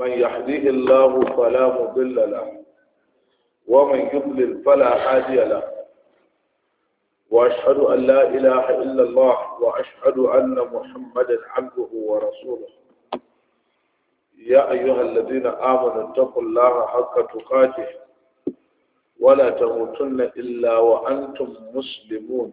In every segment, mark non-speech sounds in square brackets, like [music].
من يهديه الله فلا مضل له ومن يضلل فلا هادي له واشهد ان لا اله الا الله واشهد ان محمدا عبده ورسوله يا ايها الذين امنوا اتقوا الله حق تقاته ولا تموتن الا وانتم مسلمون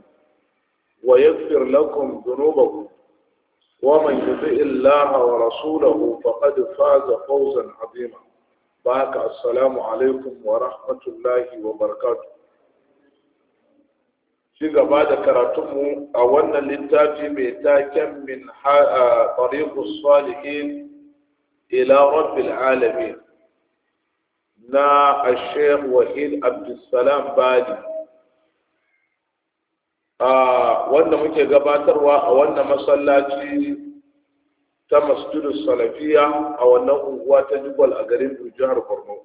ويغفر لكم ذنوبكم ومن يطع الله ورسوله فقد فاز فوزا عظيما باك السلام عليكم ورحمة الله وبركاته في بعد كراتم أولا للتاج بيتاكا من آه، طريق الصالحين إلى رب العالمين نا الشيخ وحيد عبد السلام بادي wanda muke gabatarwa a wannan masallaci ta masjidus salafiya a wannan unguwa ta jubal a garin jihar borno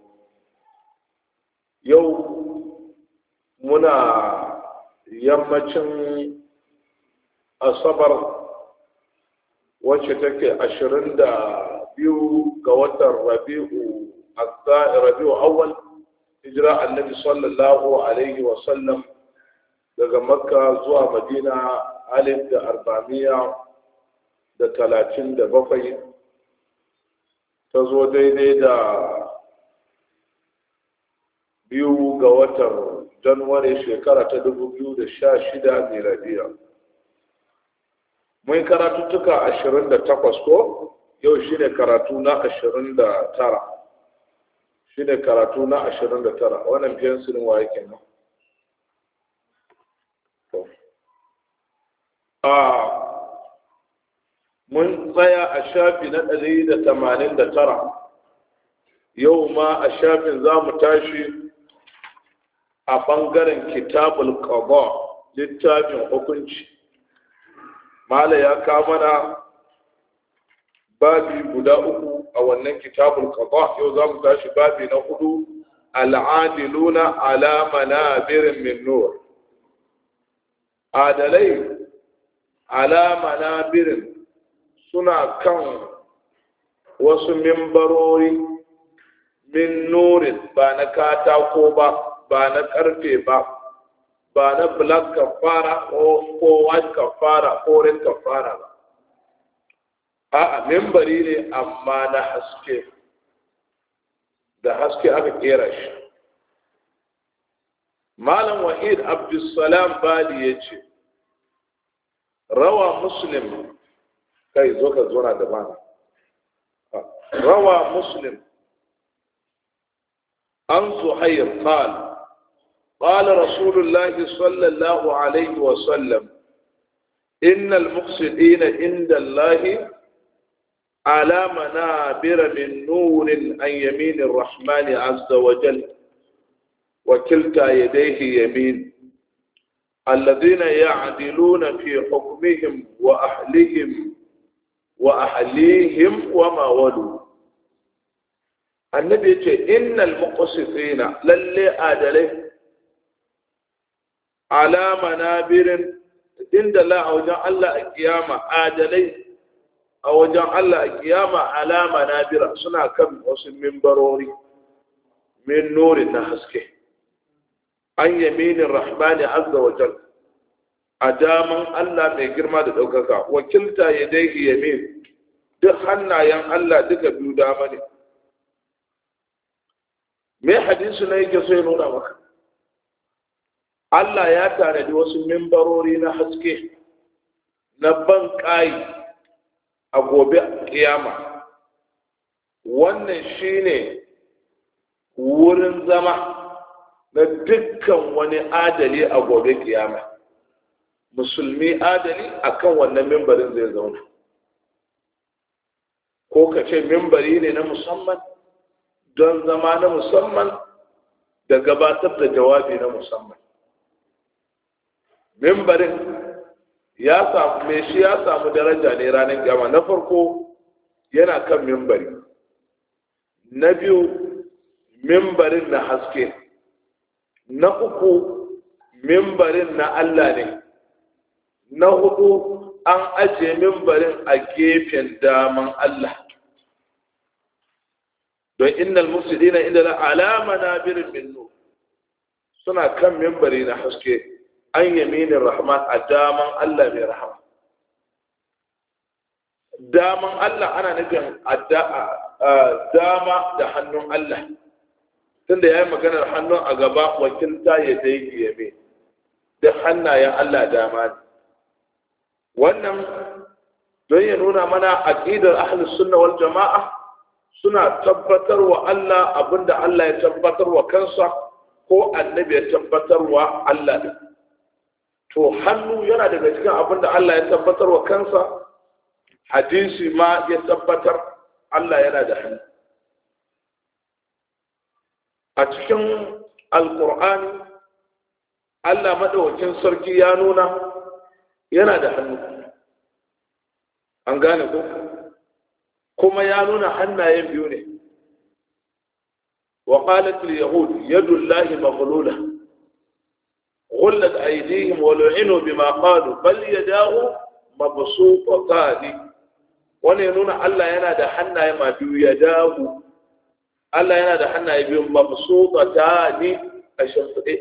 yau muna yammacin asabar wacce take ashirin da biyu ga watan rabi'u rabi'u awal hijira annabi sallallahu alaihi wa daga makka zuwa madina alif da arbamiya da talatin da bakwai ta zo daidai da biyu ga watan januwari shekara ta dubu biyu da sha shida miladiya mun karatuttuka ashirin da takwas ko yau shi ne karatu na ashirin da tara shi ne karatu na ashirin da tara wannan biyan sirin yake mun tsaya a shafi na ɗari da tamanin da tara yau ma a shafin za mu tashi a ɓangaren kitabul qada littafin hukunci mala ya kamana babi guda uku a wannan kitabul qada yau za mu tashi babi na hudu al'adiluna ala birin min nur adalai ala manabirin suna kan wasu mimbarori min nurin ba na katako ba ba na karfe ba ba na black kafara ko white kafara ko red kafara ba a'a mimbari ne amma na haske da haske aka kera shi malam wahid abdulsalam bali ya ce روى مسلم كي زوكا زورا دبان آه. روى مسلم عن صحيح قال قال رسول الله صلى الله عليه وسلم إن المقصدين عند الله على منابر من نور عن يمين الرحمن عز وجل وكلتا يديه يمين الذين يعدلون في حكمهم وأهلهم وأهليهم وما ولوا النبي يقول إن المقصفين للي آدله على منابر عند الله أو جاء الله القيامة آدله أو جاء الله القيامة على منابر سنة كم وسن من بروري من نور نحسكه an yaminin rahmani azza wa jal a daman Allah mai girma da ɗaukaka wakilta ya dai yamin duk hannayen Allah duka biyu dama ne me hadisi na yake so ya nuna maka Allah ya tanadi wasu mimbarori na haske na ban ƙayi a gobe kiyama wannan shine wurin zama na dukkan wani adali a gobe kiyama musulmi adali a kan wannan mimbarin zai zauna ko ka ce mimbari ne na musamman don zama na musamman da gabatar da jawabi na musamman mimbarin ya samu mai shi ya samu daraja ne ranar kiyama na farko yana kan mimbari na biyu mimbarin na haske na uku mimbarin na Allah ne na hudu an ajiye mimbarin a gefen daman Allah don innal musulina inda na alama na birin minnu suna kan mimbari na haske an yaminin rahman a daman Allah mai rahama daman Allah ana nufin dama da hannun Allah tunda ya yi maganar hannun a gaba wakilta ya daidai ya mai duk hannayen Allah dama ne wannan don ya nuna mana ƙidar ahalus suna wal jama'a suna tabbatar wa Allah abinda Allah ya tabbatar wa kansa ko annabi ya tabbatar wa Allah ne to hannu yana daga cikin abinda Allah ya tabbatar wa kansa hadisi ma ya tabbatar Allah yana da hannu a cikin Alƙur'ani allah maɗaukin sarki ya nuna yana da hannu an gane ko kuma ya nuna hannayen biyu ne وقالت اليهود يد الله مغلولة غلت أيديهم ولعنوا بما قالوا بل يداه مبسوطتان wani ya nuna Allah yana da hannaye ma biyu ya dahu Allah yana da hannaye biyu mabsuta ni a shimfiɗe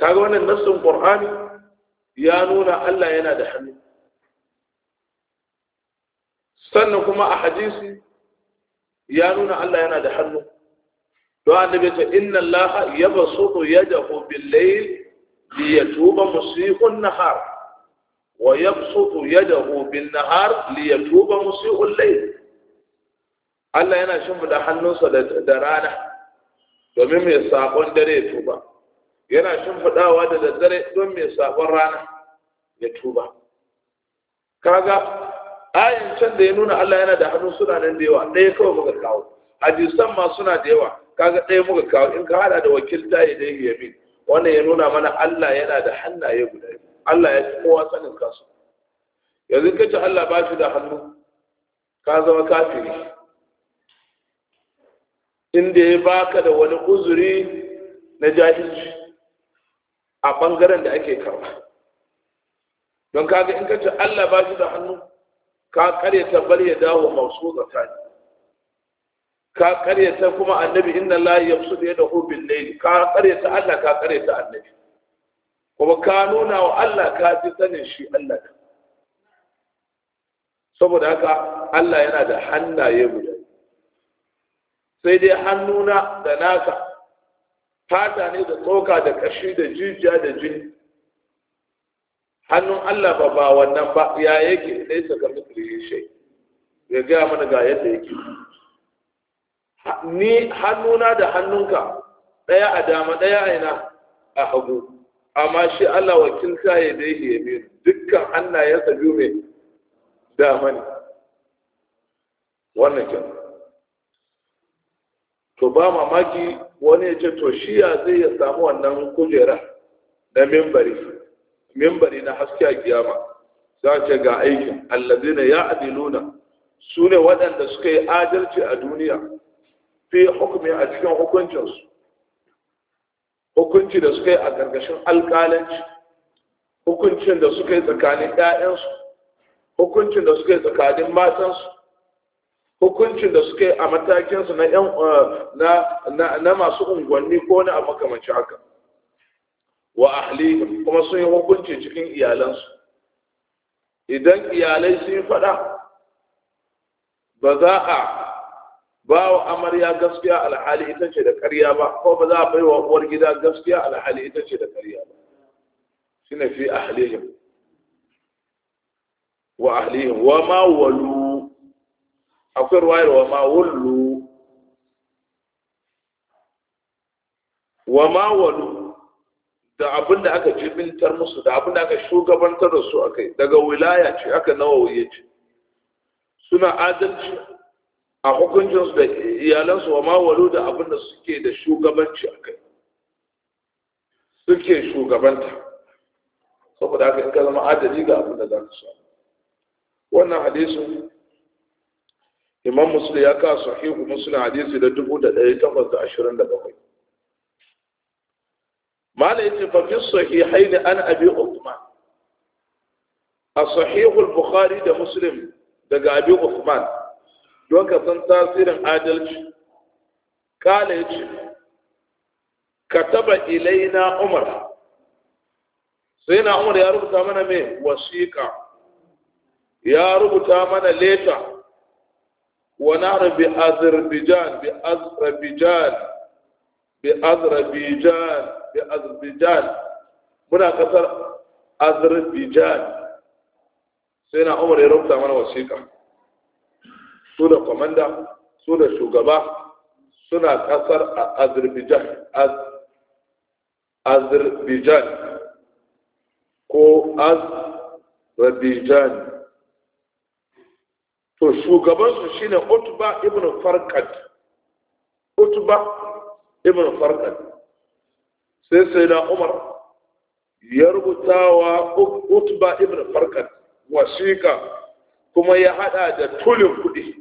kaga wannan nassin qur'ani ya nuna Allah yana da hannu sannan kuma a hadisi ya nuna Allah yana da hannu to annabi ta inna Allah yabsutu yadahu bil layl liyatuba musii'un nahar wa yabsutu yadahu bin nahar liyatuba musii'ul layl Allah yana shimfida hannunsa da rana domin mai saƙon dare ya tuba yana shimfidawa da daddare don mai saƙon rana ya tuba kaga ayin can da ya nuna Allah yana da hannu suna nan da yawa ɗaya kawai muka kawo hadisan ma suna da yawa kaga ɗaya muka kawo in ka hada da wakilta ya dai yamin wannan ya nuna mana Allah yana da hannaye guda biyu Allah ya fi kowa sanin kasu yanzu kace Allah ba shi da hannu ka zama kafiri inda ya baka da wani uzuri na jahilci a bangaren da ake karba don kaga in kace Allah ba shi da hannu ka karyata bal ya dawo mausuza ta ka karyata kuma annabi inna Allah yabsutu yadahu bil layl ka karyata Allah ka karyata annabi kuma ka nuna wa Allah ka ji sanin shi Allah saboda haka Allah yana da hannaye guda sai dai hannuna da naka fata ne da tsoka da ƙashi da jijiya da jini hannun Allah ba ba wannan ba ya yake dai saka mitri shai, ya gaya mana ga yadda yake ni hannuna da hannunka ɗaya a dama ɗaya a ina a hagu amma shi Allah ta ya dai ya bi dukkan hannayensa biyu mai dama ne wannan kenan to ba mamaki wani ya ce to shi ya zai ya samu wannan kujera na mimbari mimbari na haske a kiyama za ce ga aikin allazina ya adiluna su ne waɗanda suka yi adalci a duniya fi hukumi a cikin hukuncinsu hukunci da suka yi a ƙarƙashin alƙalanci hukuncin da suka yi tsakanin 'ya'yansu hukuncin da suka yi tsakanin matansu hukuncin da suka yi a matakinsu na yan uh, na masu unguwanni ko na a makamanci haka wa ahli kuma sun yi hukunci cikin iyalansu idan iyalai sun yi faɗa ba za a ba wa amarya gaskiya alhali ita ce da ƙarya ba ko ba za a bai wa uwar gida gaskiya alhali ita ce da ƙarya ba shine fi ahlihim wa ahlihim wa ma walu akwai yi wa ma wullu wa ma walu da abin da aka jibintar musu da abin da aka shugabantar da su akai daga wilaya ce aka nawa ce suna adalci a hukuncinsu da iyalansu wa ma walu da abin da suke da shugabanci akai suke shugabanta saboda aka yi ka adali ga abin da za ka samu wannan hadisun imam musulun ya kawo sahihu musulun hadisi da dubu da ɗari takwas da ashirin da bakwai mala yace fa fi ne an abi uthman a sahihul bukhari da musulun daga abi uthman don ka san tasirin adalci kala Ka kataba ilaina umar sai na umar ya rubuta mana me wasiƙa ya rubuta mana leta ونحن بأذربيجان بأذربيجان بأذربيجان بأذربيجان muna kasar azerbaijan sai na umar ya rubuta mana wasiƙa su da kwamanda su da shugaba suna kasar azerbaijan azerbaijan ko azerbaijan to shugabansu shine utba ibn farqad utba ibn sai sai na umar ya rubuta wa utba ibn farqad wasiƙa kuma ya hada da tulin kudi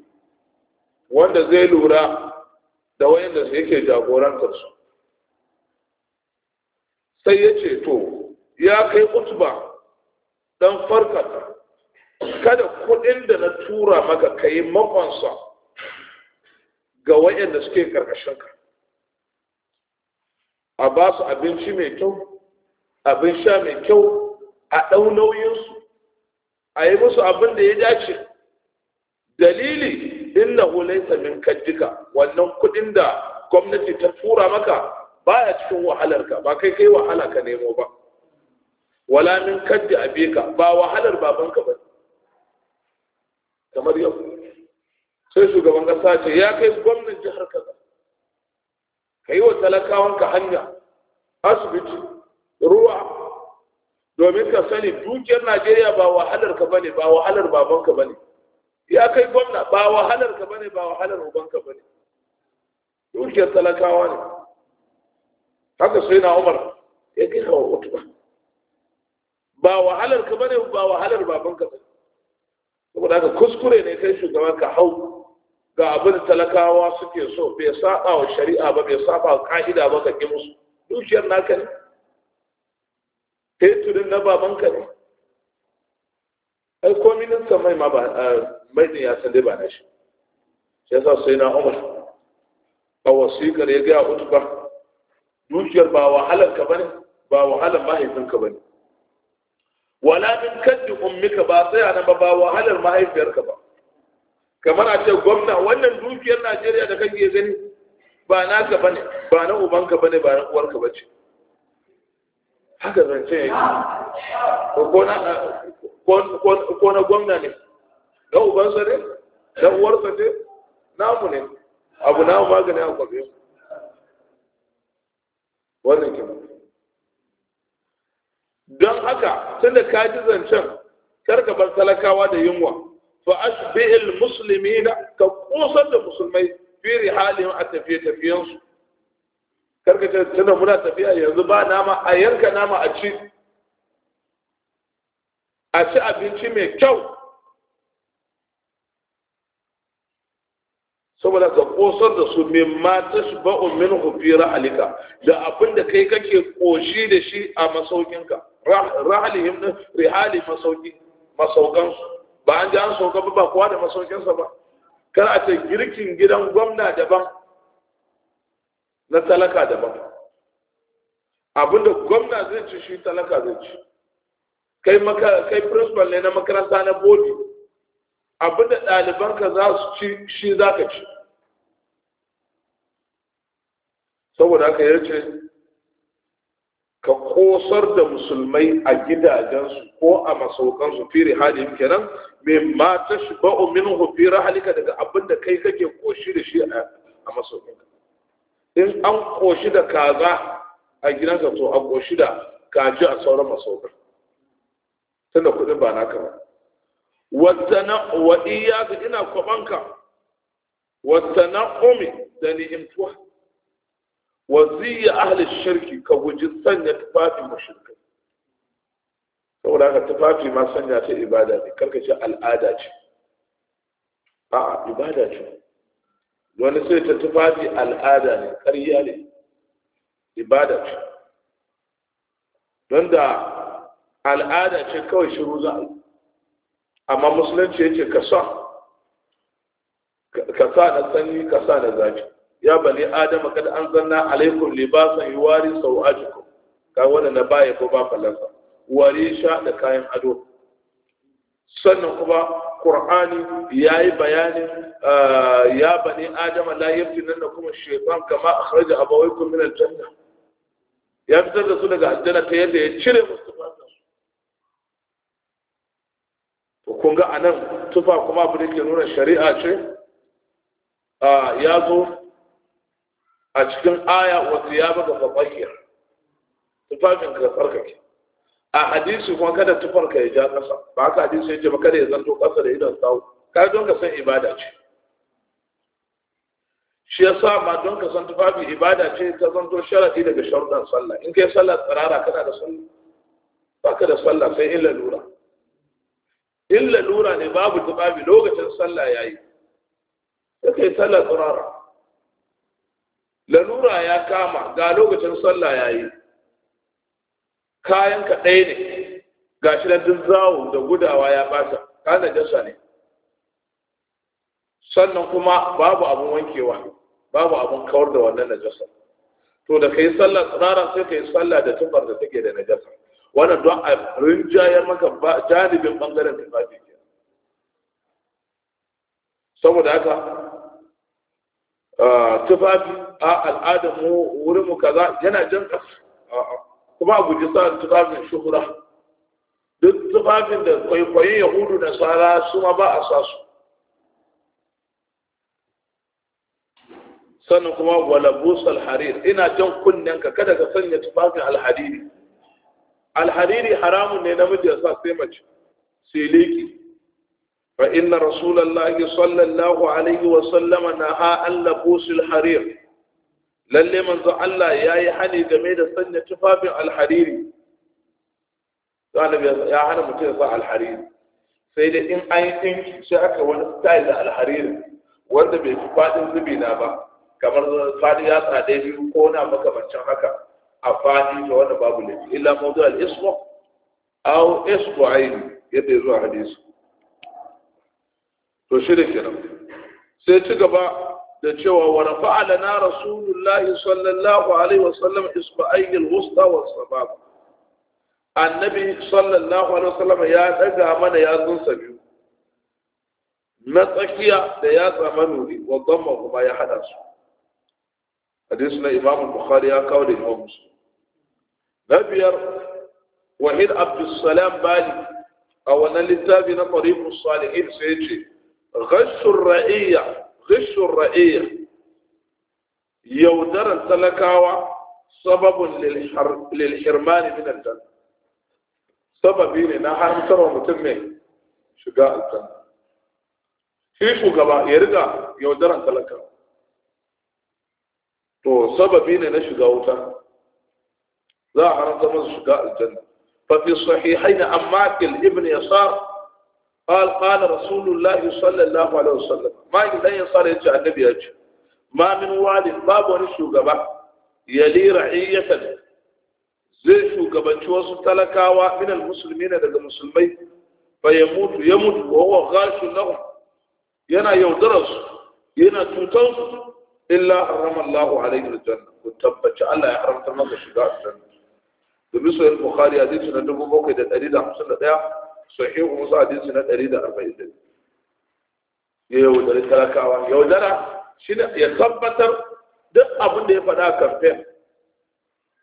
wanda zai lura da wayanda yake jagorantar su sai ya ce to ya kai utba dan farqad kada kuɗin da na tura maka ka yi makonsa ga waɗanda suke ka, a ba su abinci mai kyau abin sha mai kyau a ɗau nauyinsu a yi musu abin da ya dace dalili inna hulaita min kaddika wannan kuɗin da gwamnati ta tura maka baya cikin wahalarka ba kai kai wahala ka nemo ba wala min kaddi abeka ba wahalar babanka ba kamar yau sai shugaban kasa ce ya kai gwamnan jihar kaza ka yi wa talakawanka hanya asibiti ruwa domin ka sani dukiyar najeriya ba wahalar ka bane ba wahalar babanka bane ya kai gwamna ba wahalar ka bane ba wahalar ubanka bane dukiyar talakawa ne haka sai na umar ya kai hawa ba wahalar ka bane ba wahalar babanka bane saboda haka kuskure ne kai shugaban ka hau ga abin talakawa suke so bai saba wa shari'a ba bai saba wa ka'ida ba ka ki musu dukiyar naka ne kai tudun na babanka ne ai ko minista mai ma ba mai ne ya san dai ba na shi shi yasa sai na umar a wasiƙar ya gaya utuba dukiyar ba wahalar ka bane ba wahalar mahaifinka bane wala min kaddi ummika ba sai nan ba ba wahalar mahaifiyarka ba kamar a ce gwamna wannan dukiyar Najeriya da kake gani ba naka bane ba na ubanka bane ba na uwarka bace haka zance yake ko na ko na gwamna ne na ubansa ne na uwarsa ne namu ne abu namu magani a kwabe wannan kenan don haka tunda ka ji zancen kar ka bar talakawa da yunwa fa ashbihil muslimina ka kusar da musulmai fi rihalihim a tafiye tafiyansu kar ka tunda muna tafiya yanzu ba nama a yanka nama a ci a ci abinci mai kyau saboda ka kosar da su min ma tashba'u min hufira ra'alika da abin da kai kake koshi da shi a masaukinka rahalihim din rihali masauki masaukan su ba an ji an sauka ba kowa da masaukinsa ba kar a ce girkin gidan gwamna daban na talaka daban abinda gwamna zai ci shi talaka zai ci kai maka kai principal ne na makaranta na bodi abinda ɗalibanka za su ci shi za ka ci saboda haka ya ce ka kosar da musulmai a gidajensu ko a masaukansu fi rihalihim kenan mimma tashba'u minhu fi rihalika daga abinda kai kake koshi da shi a masaukinka in an koshi da kaza a gidansa to a koshi da kaji a sauran masaukan tunda kudin ba naka ba wattana wa iyyaka ina kwabanka wattana umi da ni'imtuwa waziyya ahli shirki ka guji sanya tufafi mushrikai saboda haka tufafi ma sanya ta ibada ne karka ce al'ada ce a ibada ce wani sai ta tufafi al'ada ne ƙarya ne ibada ce don al'ada ce kawai shiru za a yi amma musulunci ya ce ka na sanyi kasa sa na zafi ya bani adam an zanna alaikum libasan yuwari sawajikum ka wanda na baya ko ba falansa wari sha da kayan ado sannan kuma qur'ani yayi bayanin ya bani adam la da kuma shaytan kama akhraja abawaykum min aljanna ya fitar da su daga aljanna ta yadda ya cire musu tufafinsu kun ga anan tufa kuma abu da ke nuna shari'a ce ya zo a cikin aya wa thiyabaka fatahhir tufafin ka farkake a hadisi kuma kada tufarka ya ja kasa ba haka hadisi yace ba kada ya zanto kasa da idan sawu ka don ka san ibada ce shi ya sa ma don ka san tufafi ibada ce ta zanto sharadi daga sharuɗan sallah in kai sallah tsirara kana da sallah ba ka da sallah sai illa lura. in lura ne babu tufafi lokacin sallah yayi sai kai sallah tsirara lalura ya kama ga lokacin sallah ya yi kayan kaɗai ne ga shi na duk zawo da gudawa ya ɓata kayan da jasa ne sannan kuma babu abin wankewa babu abin kawar da wannan najasa to da kai sallah tsirara sai yi sallah da tufar da take da najasa wannan don a rinjayar maka janibin bangaren tufafi saboda haka Ah, tufafi a al'adar mu wurin mu kaza yana jan ƙasa kuma a guji sa tufafin shuhura duk tufafin da kwaikwayi yahudu da sara su ma ba a sa su sannan kuma walabus alharir ina jan kunnen ka, kada ka sanya tufafin alhariri alhariri haramun ne namiji ya sa sai mace siliki فإن رسول الله صلى الله عليه وسلم نهى أن لبوس الحرير lalle manzo Allah ya yi hani game da sanya tufafin alhariri galibi ya hana mutum ya sa alhariri sai da in an yi ɗinki sai aka wani style da alhariri wanda bai fi faɗin na ba kamar faɗi ya tsade biyu ko na makamancin haka a faɗi da babu laifi illa mawdu al-ismu aw isbu ayni yadda zuwa hadisi to shi da kenan sai ci gaba da cewa wa rafa'ala na rasulullahi sallallahu alaihi wa sallam isba'ayil wusta wa sabab annabi sallallahu alaihi wa sallam ya daga mana ya zo biyu na tsakiya da ya tsama nuri wa dhamma kuma ya hada su hadisi na imam bukhari ya kawo da imam muslim na biyar wahid abdussalam bali a wannan littafi na tariqus salihin sai ya ce غش الرئية غش الرئية يودر تلكاوى سبب للحر... للحرمان من الجنة سبب لنا حرم ترى متمين شقاء الجنة في شقاء يرقى يودر تلكاوى تو سبب لنا شقاء الجنة لا حرم ترى شقاء الجنة ففي الصحيحين أماكن ابن يسار قال قال رسول الله صلى الله عليه وسلم ما إذا ينصر يجي النبي يجي ما من والد باب ونشو قبا يلي رعية zai shugabanci wasu talakawa minal musulmi ne daga musulmai fa ya mutu ya mutu wa huwa ghashin lahu yana yaudarar su yana cutar su illa Allahu alaihi aljanna ku tabbaci Allah ya haramta maka shiga aljanna da sahihu musa hadisi na 140 ya dare talakawa Yau dara shi ya tabbatar duk abin da ya faɗa a kamfen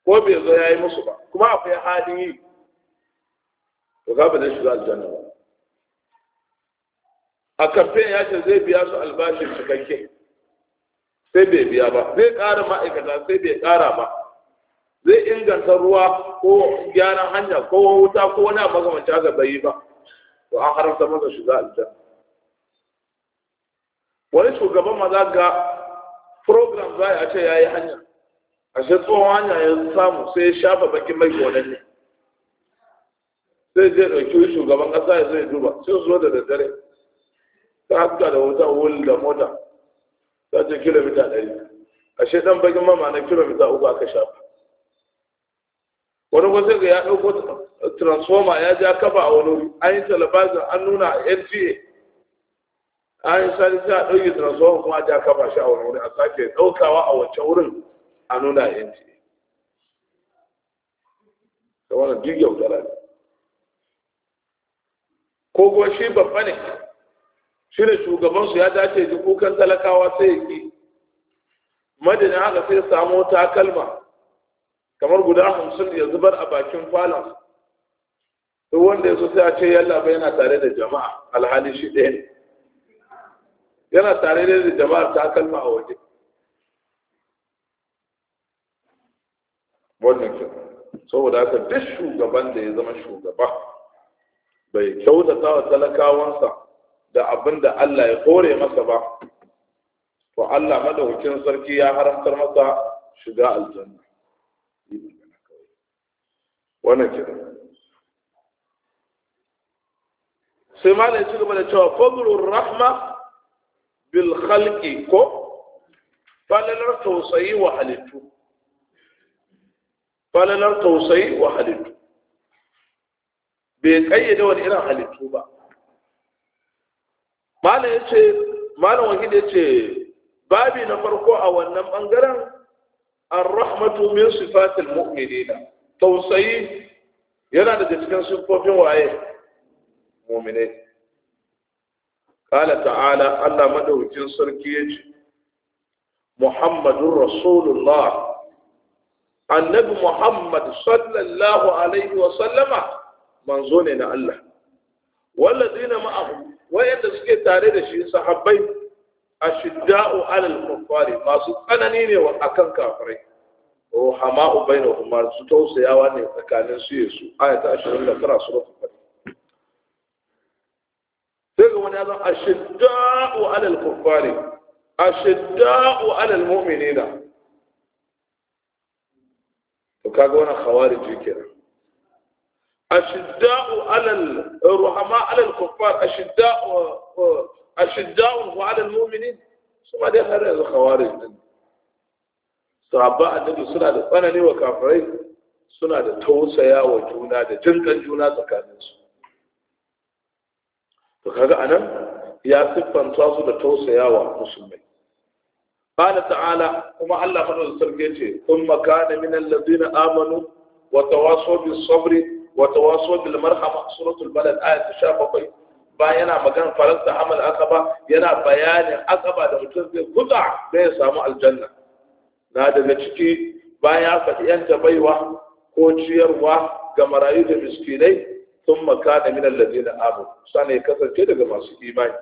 ko bai zo ya yi musu ba kuma akwai halin yi to ka ba zai shiga aljanna ba a kamfen ya ce zai biya su albashin cikakke sai bai biya ba zai ƙara ma'aikata sai bai ƙara ba zai inganta ruwa ko gyaran hanya ko wuta ko wani abu makamanci haka bai yi ba to an haramta masa shiga aljanna wani shugaban maza ga program za a ce ya yi hanya a shi tsohon hanya ya samu sai ya shafa bakin mai gonan ne sai zai ɗauki shugaban ƙasa ya zai duba sai zo da daddare ta haska da wuta wuli da mota ta ce kilomita ɗari a shi ɗan bakin mama na kilomita uku aka shafa wani wasu ga ya ɗauko transformer ya ja kafa a wani wuri an yi talabazin an nuna a nta an yi sani sai a ɗauki transformer kuma ja kafa shi a wani wuri a sake ɗaukawa a wacce wurin a nuna a nta da wannan duk yaudara ne ko kuma shi babba ne shi ne shugabansu ya dace ji kukan talakawa sai ya ki madina haka sai samu takalma kamar guda hamsin ya zubar a bakin falon duk wanda ya so sai a ce yalla ba yana tare da jama'a alhali shi ɗaya ne yana tare da jama'a ta kalma a waje wannan ke saboda haka duk shugaban da ya zama shugaba bai kyautata wa talakawansa da abin da Allah ya kore masa ba to Allah madaukakin sarki ya haramtar masa shiga aljanna yi magana kawai wannan kenan sai malam ya ci gaba da cewa fadlur rahma bil khalqi ko falalar tausayi wa halittu falalar tausayi wa halittu bai kayyade wani irin halittu ba malam ya ce malam wakil ya ce babi na farko a wannan bangaren ar-rahmatu min sifatil mu'minina tausayi yana da cikin siffofin waye mu'minai qala ta'ala Allah madaukin sarki yace muhammadur rasulullah annabi muhammad sallallahu alaihi wa sallama manzo ne na Allah wallazina ma'ahu wayanda suke tare da shi sahabbai أشداء على الكفار ما سكان نيني وأكن كافرين هو بينهم ما ستو سياوان كان نسو يسو آية أشهر الله ترى سورة الفاتحة تقول هذا أشداء على الكفار أشداء على المؤمنين وكاغونا خوارج كده أشداء على الرحماء على الكفار أشداء أشداء وعلى المؤمنين ثم ده هذا الخوارج صعباء الذي صنع لفنني وكافرين صنع لتوسع وجونا لجنقا جونا تكاليس فكذا أنا يا سفا انتواصل لتوسع ومسلمين قال تعالى وما الله فنو السرقيتي ثم كان من الذين آمنوا وتواصلوا بالصبر وتواصلوا بالمرحمة سورة البلد آية شابقين ba yana magana faransa amal akaba yana bayanin akaba da mutum zai guda da ya samu aljanna na daga ciki bayan ya faɗi yan baiwa ko ciyarwa ga marayu da miskinai sun maka da minan da abu Sani kasance daga masu imani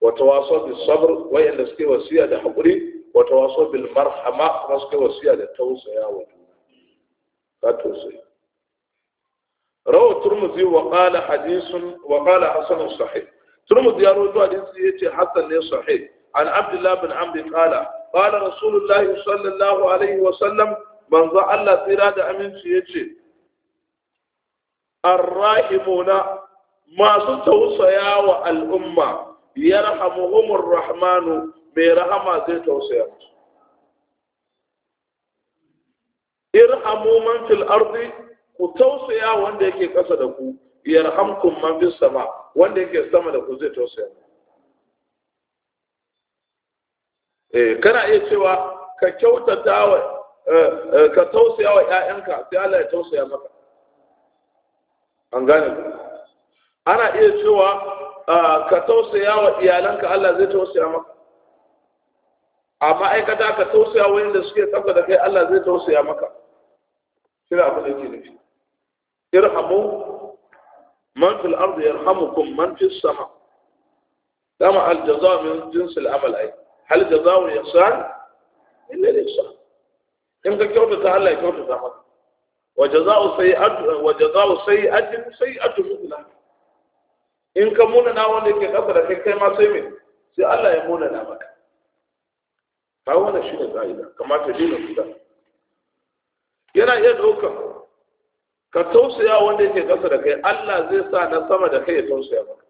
wata waso bil sabr wayanda suke wasiya da haƙuri wata waso bil marhama kuma suke wasiya da tausayawa ka tausayi rawa turmuzi wa qala hadithun wa qala hasan sahih turmuzi ya rawaito hadisi yace hasan ne sahih an abdullah bin amr qala qala rasulullahi alaihi wa sallam manzo Allah tsira da aminci yace arrahimuna masu tausaya wa al'umma yarhamuhumur rahmanu mai rahama zai tausaya musu irhamu ku tausaya wanda yake ƙasa da ku yarhamkum man fis sama wanda yake sama da ku zai tausaya eh, kana iya cewa ka kyautata wa eh, eh, ka tausaya wa 'ya'yanka, sai Allah ya tausaya maka an gane ana iya cewa ka tausaya wa iyalanka Allah zai tausaya maka a ma'aikata ka tausaya wa yadda suke tsaka da kai Allah zai tausaya maka shi abin da ke nufi irhamu man fil ardi yarhamukum man fis sama dama al jazaa min jins al amal ay hal jazaa al ihsan illa al ihsan in ka kyautata Allah ya kyautata maka wa jazaa'u sayyi'atu wa jazaa'u sayyi'atin sayyi'atu mithla in ka muna na wanda yake kasa da kai kai ma sai me sai Allah ya muna na maka ka wannan shine ka'ida kamata dole ku da yana iya daukar ka tausaya wanda yake ƙasa da kai Allah zai sa na sama da kai ya tausaya maka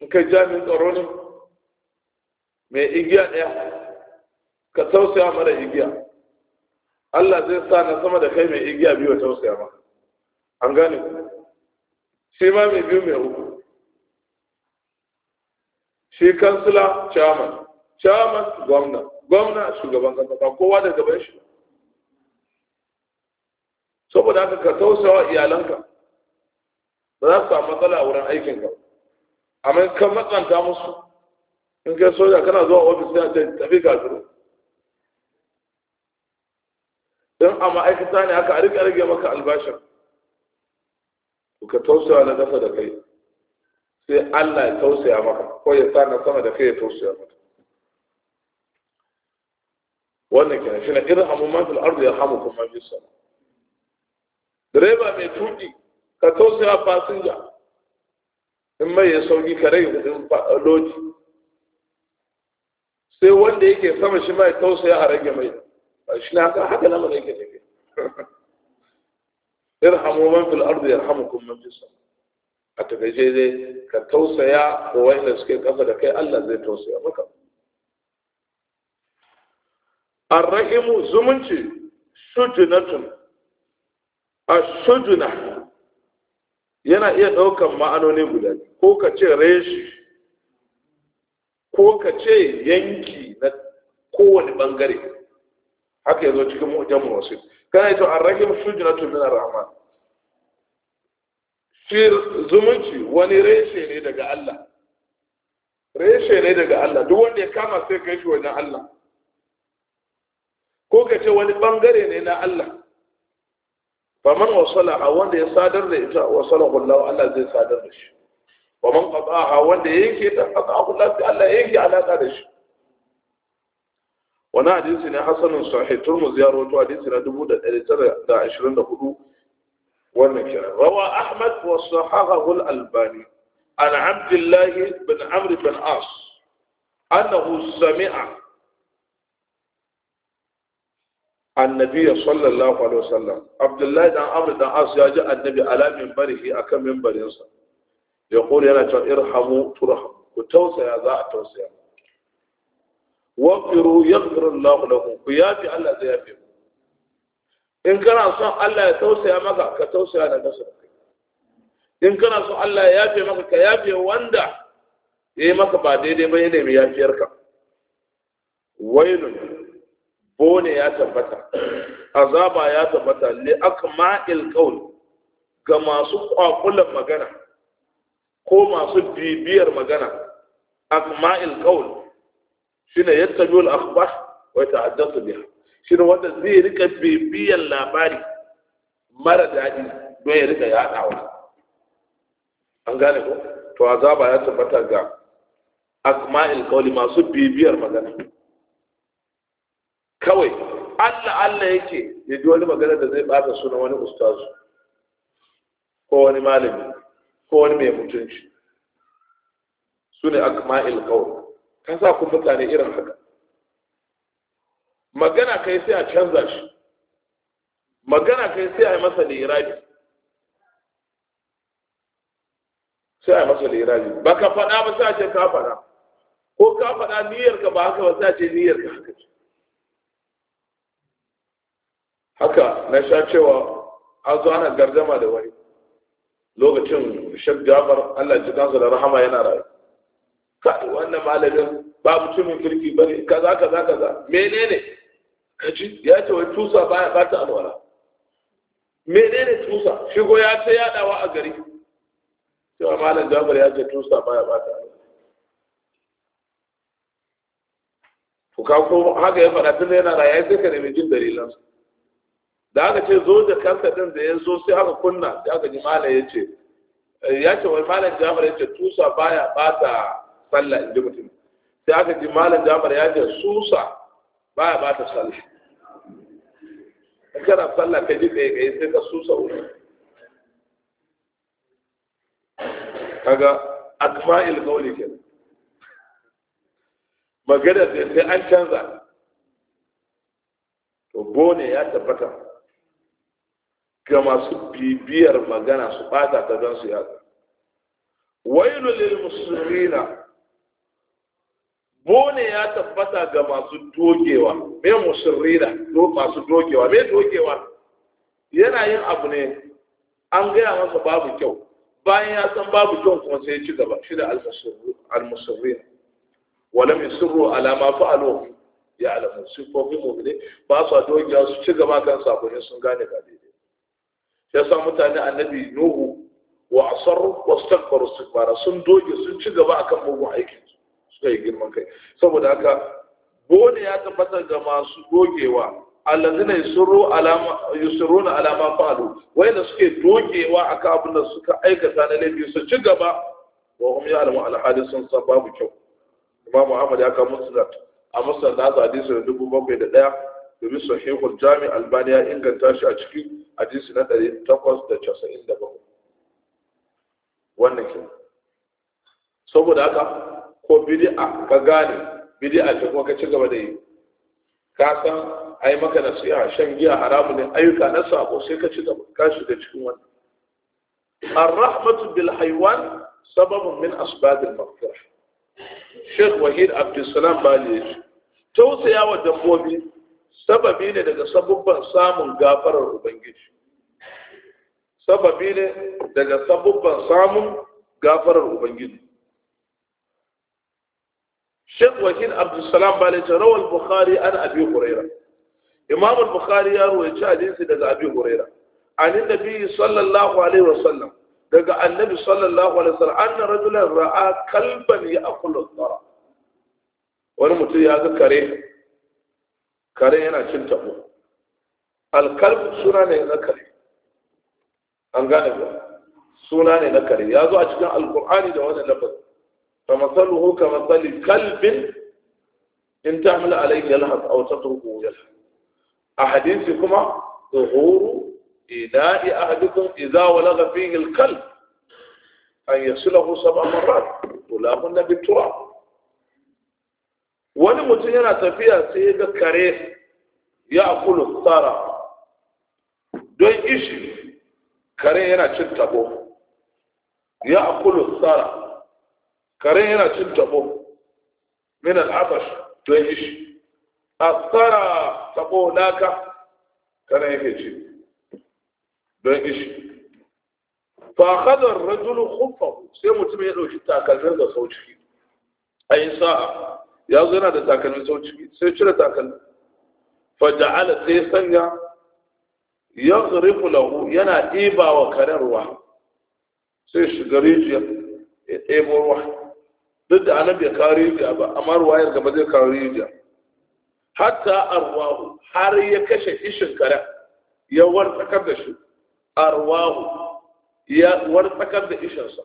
in kai jami'in tsaro ne mai igiya ɗaya ka tausaya mara igiya Allah zai sa na sama da kai mai igiya biyu ya tausaya maka an gane shi ma mai biyu mai uku shi kansila chairman chairman gwamna gwamna shugaban kasa ba kowa da gaban shi saboda haka ka tausawa iyalanka ba za su matsala a wurin aikinka amma ka matsanta musu in kai soja kana zuwa ofis ya ce tafi gafiru in a ma'aikata ne aka rike rage maka albashin ka tausaya na dafa da kai sai Allah ya tausaya maka ko ya sa na sama da kai ya tausaya maka wannan kenan shi na irin amman fil ardi yarhamukum ma bis sama direba mai tuki ka tausaya fasinja in mai ya sauki ka rage kudin loji sai wanda yake sama shi mai tausaya a rage mai shi na ka haka nan yake tafi [laughs] irhamu man fil ardi yarhamukum man fis sama a gaje dai ka tausaya ko wanda suke kafa da kai Allah zai tausaya maka arrahimu zumunci sujunatun asojuna yana iya ɗaukan ma'anoni guda ko ka ce reshi ko ka ce yanki na kowane ɓangare haka ya zo cikin mu'jamun wasu kana ito an rage sojuna tu min rahman shi zumunci wani reshe ne daga Allah reshe ne daga Allah duk wanda ya kama sai kai shi wajen Allah ko ka ce wani ɓangare ne na Allah faman wasala a wanda ya sadar da ita wasala kullahu Allah zai sadar da shi faman qadaha wanda yake ta qadaha sai Allah yake alaka da shi wani hadisi ne hasanun sahih turmuz ya rawaito hadisi na 1924 wannan kira rawa ahmad wa sahahahu al-albani an abdullah bin amr bin as annahu sami'a annabi sallallahu alaihi wasallam abdullahi dan amr dan as ya ji annabi ala minbarihi akan minbarinsa ya kula yana cewa irhamu turham ku tausaya za a tausaya waqiru yaghfiru Allahu lakum ku yafi Allah zai yafi in kana son Allah ya tausaya maka ka tausaya da kansa in kana son Allah ya yafe maka ka yafi wanda yayi maka ba daidai ba ne mai yafiyarka wailun bone ya tabbata azaba ya tabbata li akma'il qawl ga masu kwakula magana ko masu bibiyar magana akma'il qawl shine yattabi'u al-akhbar wa ta'addatu biha shine wanda zai rika bibiyar labari mara daɗi don ya rika yaɗawa an gane ko to azaba ya tabbata ga akma'il qawli masu bibiyar magana kawai Allah Allah yake ya ji wani magana da zai bata suna wani ustazu ko wani malami ko wani mai mutunci su ne akma'il qawl Ka sa ku mutane irin haka magana kai sai a canza shi magana kai sai a yi masa lirabi sai a yi masa lirabi ba ka faɗa ba sai a ce ka faɗa ko ka faɗa niyyarka ba haka ba sai a ce niyyarka haka ce haka na sha cewa a zo ana gardama da wani lokacin shek jafar allah ci kansa da rahama yana rayu ka wannan malamin ba mutumin kirki bane kaza kaza kaza menene kaji ya ce wai tusa baya bata alwala menene tusa shigo ya ce yadawa a gari cewa malam jafar ya ce tusa baya bata alwala to ka ko haka ya faɗa tun yana rayu sai ka nemi jin dalilansa da aka ce zo da kanka din da ya zo sai aka kunna sai aka ji malam ya ce eh, ya ce wai malam jamar ya ce tusa baya bata sallah ji mutum sai aka ji malam jamar ya ce susa baya bata sallah kana sallah ka ji ɗaya ɗaya sai ka susa wuri kaga akma'il qawli ke magana sai an canza to bone ya tabbata ga masu bibiyar magana su bata ta don su yada wailu lil musirina bone ya tabbata ga masu dogewa me musirina do masu dogewa me dogewa yana yin abu ne an gaya masa babu kyau bayan ya san babu kyau kuma sai ya ci gaba shi da al-musirina walam yusirru ala ma fa'alu ya alamu sifofin ne? ba su dogewa su ci gaba kan sabonin sun gane gabe ya sa mutane annabi nuhu wa asarru wastakbaru istikbara sun doge sun ci gaba akan mugun aikin su kai girman kai saboda haka bone ya tabbatar ga masu dogewa allazina yusru alama yusruna alama falu da suke dogewa akan abin da suka aikata na laifi su ci gaba wa hum ya'lamu al sun san babu kyau imam Muhammad ya kawo musu a masar da hadisi daya domin sahihul jami albani ya inganta shi a ciki. hadisi na ɗari takwas da casa'in da bakwai wannan ke saboda haka ko bidi'a ka gane bidi'a ce kuma ka ci gaba da yi ka san ai maka na siya shan giya haramu ne ayyuka na sako sai ka ci gaba ka shiga cikin wannan الرحمة بالحيوان سبب من أسباب المغفرة شيخ وحيد عبد السلام باليش wa ودبوبي sababi ne daga sabubban samun gafarar ubangiji sababi ne daga sabubban samun gafarar ubangiji Sheikh Wakil Abdulsalam Bale ce rawal Bukhari an Abi Huraira Imam Bukhari ya ruwaci hadisi daga Abi Huraira an Nabi sallallahu alaihi wasallam daga Annabi sallallahu alaihi wasallam anna rajulan ra'a kalban ya'kulu dhara wani mutum ya ga kare kare yana cin tabo alkalb suna ne na kare an gane ba suna ne na kare ya zo a cikin alkur'ani da wannan lafaz fa masaluhu ka masali kalbin in ta'mal alayhi yalhaq aw tatruhu yalhaq a kuma zuhuru ina'i ahadukum idha walagha fihi alkalb an yasluhu sab'a marrat ulahunna turab wani mutum yana tafiya sai ya ga kare ya akulu tsara don ishi kare yana cin tabo ya akulu tsara kare yana cin tabo min al'abash don ishi a tsara tabo naka kare yake ci don ishi fa kadar rajulun kumfa sai mutum ya ɗauki takalmin da sau ciki a yi sa'a ya zo yana da takalmi sau ciki sai cire takalmi faja'ala sai sanya ya zurifu lahu yana ɗiba wa karen ruwa sai shiga rijiya ya ɗebo ruwa duk da annabi ya kawo rijiya ba amma ruwa ya gaba zai kawo rijiya hatta arwahu har ya kashe ishin karen ya wartsakar da shi arwahu ya wartsakar da ishinsa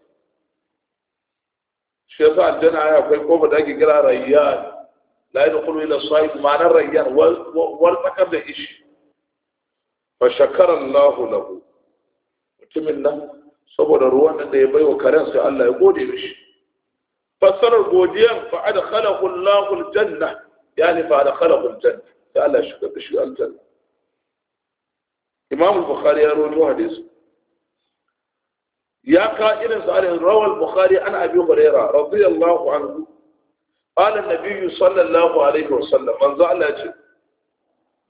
shi yasa aljanna ya akwai kofar da ake kira rayyan la yadkhulu ila sa'id ma'anar rayyan wal tsakar da ishi fa shakara Allah lahu mutumin nan saboda ruwan da ya baiwa karen sai Allah ya gode mishi fassarar godiyan fa adkhalahu Allah aljanna yani fa adkhalahu aljanna sai Allah shi shiga shi aljanna Imam Bukhari ya rawaito hadisi ya ka irin sa'alin rawal bukhari an abi huraira radiyallahu anhu قال النبي صلى الله عليه وسلم من زعل أجل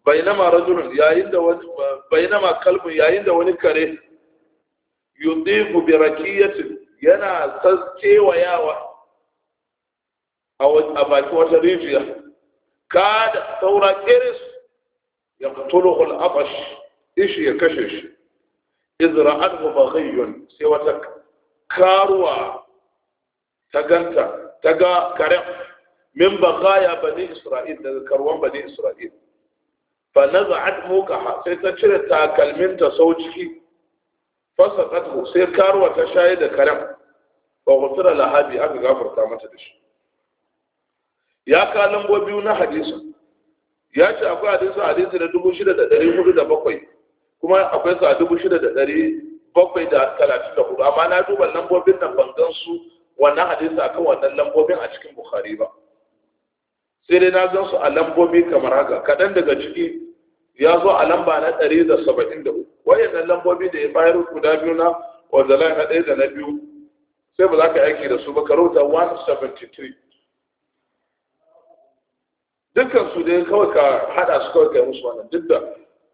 بينما رجل ياين دا ون... بينما كلب ياين دا وني كره يضيف بركية yana kewayawa a baki wata rijiya kada saura iris ya fitolo al'abash ishi ya kashe shi izra'an mubaghayyun sai wata karuwa ta ganta ta ga karen min bagaya bani isra'il daga karwan bani isra'il fa naza'at mukaha sai ta cire takalminta sau ciki Fasa fasaqathu sai karuwa ta shayi da karen wa ghufira lahabi aka gafarta mata da shi ya ka lambobi na hadisi ya ce akwai na dubu shida da ɗari da bakwai. kuma akwai su a dubu shida da dari bakwai da talatin da hudu amma na duba lambobin nan ban gan su wannan hadisi akan wannan lambobin a cikin bukhari ba sai dai na gan su a lambobi kamar haka kaɗan daga ciki ya zo a lamba na ɗari da saba'in da uku wayannan lambobi da ya bayar guda biyu na wanda na ɗaya da na biyu sai ba za ka aiki da su ba ka rubuta 173 dukkan su dai kawai ka haɗa su kawai kai musu wannan duk da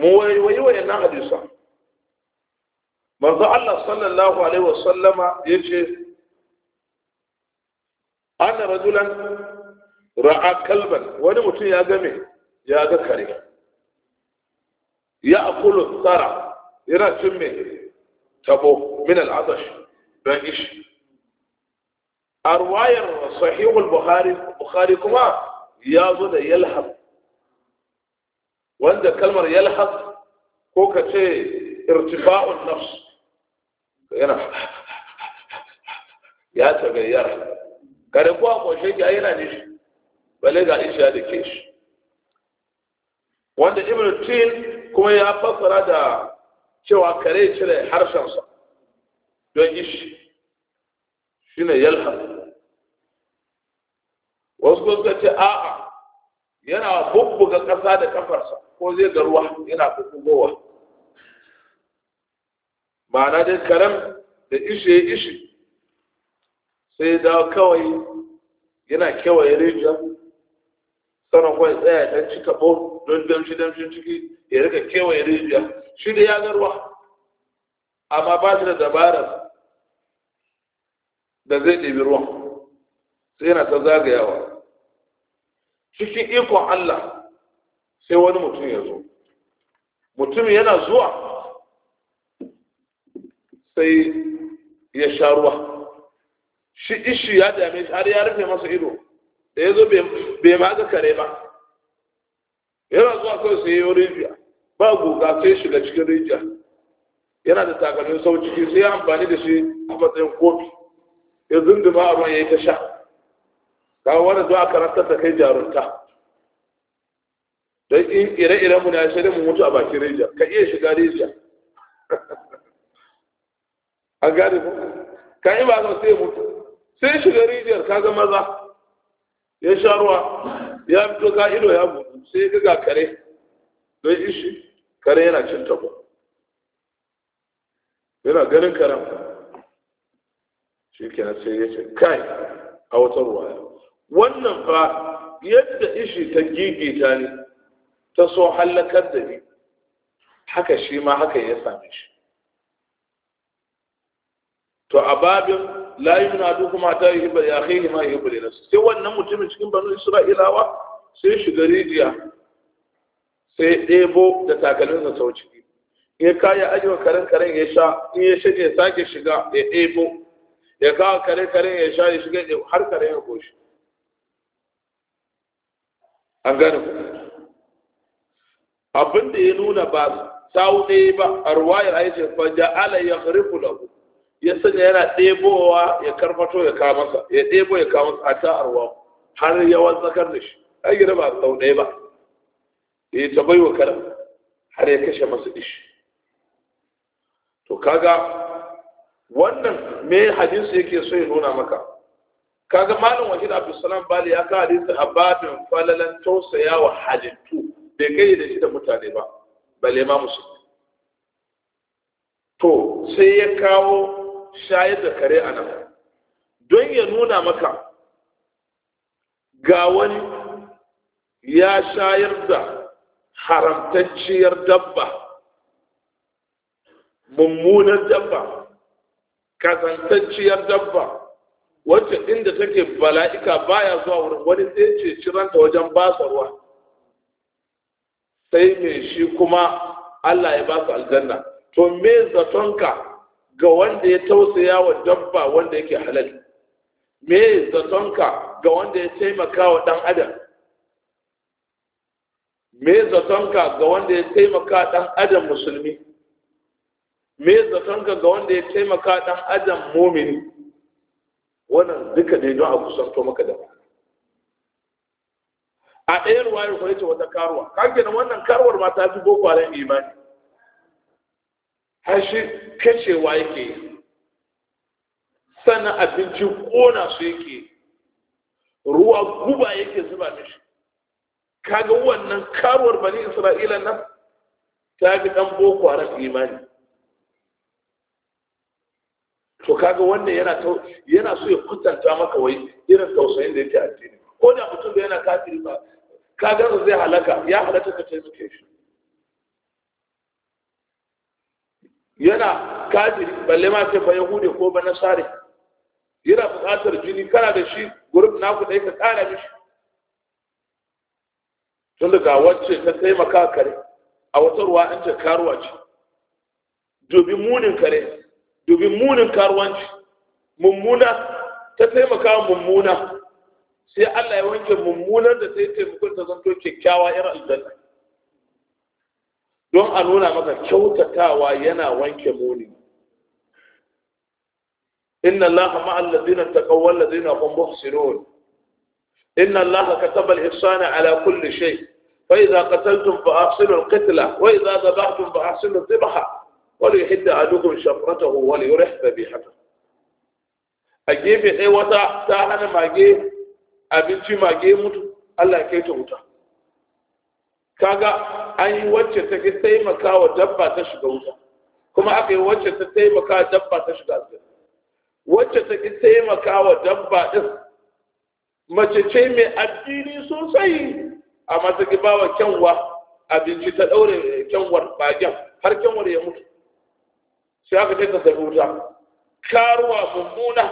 mu waiwayi na hadisa manzo Allah sallallahu alaihi wasallama yace anna rajulan ra'a kalban wani mutum ya ga me ya ga kare ya akulu tsara yana cin me tabo min al'adash don ishi a ruwayar sahihul bukhari bukhari kuma ya zo da yalham wanda kalmar yalhaq ko ka ce irtifa'un nafs yana ya tagayyara kare kuwa koshe ki yana ne shi bale ga isha da ke shi wanda ibn tin kuma ya fassara da cewa kare cire harshensa don ishi shine yalhaq wasu suka ce a'a yana bubbuga ƙasa da kafarsa ko zai ga ruwa yana kukugowa ma'ana dai karam da ishe ishe sai da kawai yana kewaye rijiya sannan kawai tsaya dan ci tabo don damshi damshin ciki ya rika kewaye rijiya shi da ya ga ruwa amma ba shi da dabarar da zai ɗebi ruwan sai yana ta zagayawa cikin ikon Allah sai wani mutum ya zo mutum yana zuwa sai ya sha ruwa shi ishi ya dame shi har ya rufe masa ido da ya zo bai maga kare ba yana zuwa kawai sai ya yi rijiya ba guga sai shiga cikin rijiya yana da takalmin sau ciki sai ya amfani da shi a matsayin kofi ya zunduma a ruwan ya yi ta sha kawo wani zuwa karanta ta kai jarunta don in ire-iren mu na shirin mu mutu a bakin rijiya ka iya shiga rijiya a [laughs] gane ko ka yi ba sai mutu sai shiga rijiyar ka ga maza ya sha ruwa ya fito ka ido ya buɗu sai ga ga kare don ishi kare yana cin tabo yana ganin karam. shi na sai ya ce kai a wata ruwa wannan fa yadda ishi ta gigita ne ta so hallakar da ni haka shi ma haka ya same shi to a babin la duk kuma ta yi hibba ya akhihi ma yuhibbu da su, sai wannan mutumin cikin banu isra'ilawa sai shiga rijiya sai ɗebo da takalminsa sau ciki ya kaya ajiyar karen karen ya sha in ya shige sake shiga ya ɗebo ya kawo kare karen ya sha ya shiga har karen ya koshi an gane ku abin da ya nuna ba sawu ɗaya ba a ruwayar aisha da ala ya da ku. ya sanya yana ɗebowa ya karfato ya kawo ya ɗebo ya kawo sa, a ta arwa har yawan wanzakar da shi a gina ba sau ɗaya ba ya ta bai wa karam har ya kashe masu ishi. to kaga wannan me hadisi yake so ya nuna maka kaga malam wahid abdulsalam bali ya ka hadisi hababin falalan tausaya wa halittu bai kai da shi da mutane ba balle ma musu? to sai ya kawo shayar da kare a nan don ya nuna maka ga wani ya shayar da haramtacciyar dabba mummunar dabba kasantacciyar dabba wacce inda take bala'ika baya zuwa wurin wani sai ce ciranta wajen basa ruwa sai mai shi kuma Allah ya ba su aljanna to me zatonka ga wanda ya tausaya wa dabba wanda yake halal me zatonka ga wanda ya taimaka wa dan adam me zatonka ga wanda ya taimaka dan adam musulmi me zatonka ga wanda ya taimaka dan adam mumini wannan duka dai don a kusanto maka da ba a ɗayan ruwayar kwaye ce wata karuwa kage na wannan karuwar ma ta fi boko alayin imani har shi kacewa yake yi sannan abinci kona su yake ruwa guba yake zuba mishi kaga wannan karuwar bani isra'ila nan ta fi ɗan boko alayin imani to kaga wannan yana yana so ya kwatanta maka wai irin tausayin da yake addini ko da mutum da yana kafiri ba ka su zai halaka ya halatta ka taimake shi yana kaji balle ma sai ba yahude ko ba nasare yana buƙatar jini kana da shi gurup naku ɗaya ka ƙara mishi tun daga wacce ta taimaka kare a wata ruwa an ce karuwa ce dubi munin kare dubi munin karuwanci mummuna ta taimaka mummuna sai Allah ya wanke mummunan da sai taimakon ta zanto kyakkyawa yar aljanna don a nuna maka kyautatawa yana wanke muni inna allaha ma'al alladhina taqaw wal ladina hum muhsinun inna allaha kataba al-ihsana ala kulli shay fa idha qataltum fa ahsinu al-qitla wa idha dhabhtum fa ahsinu al-dhabha wa la yuhidda adukum shafratahu wa la yurhib bihatahu a gefe ɗaya wata ta hana mage abinci mage mutu Allah ya kai ta wuta kaga an yi wacce ta ke taimaka wa dabba ta shiga wuta kuma aka yi wacce ta taimaka wa dabba ta shiga wuta. wacce ta ke taimaka wa dabba din mace ce mai addini sosai amma ta ki ba wa kyanwa abinci ta daure kyanwar bagen har kyanwar ya mutu sai aka ce ta tafi wuta karuwa mummuna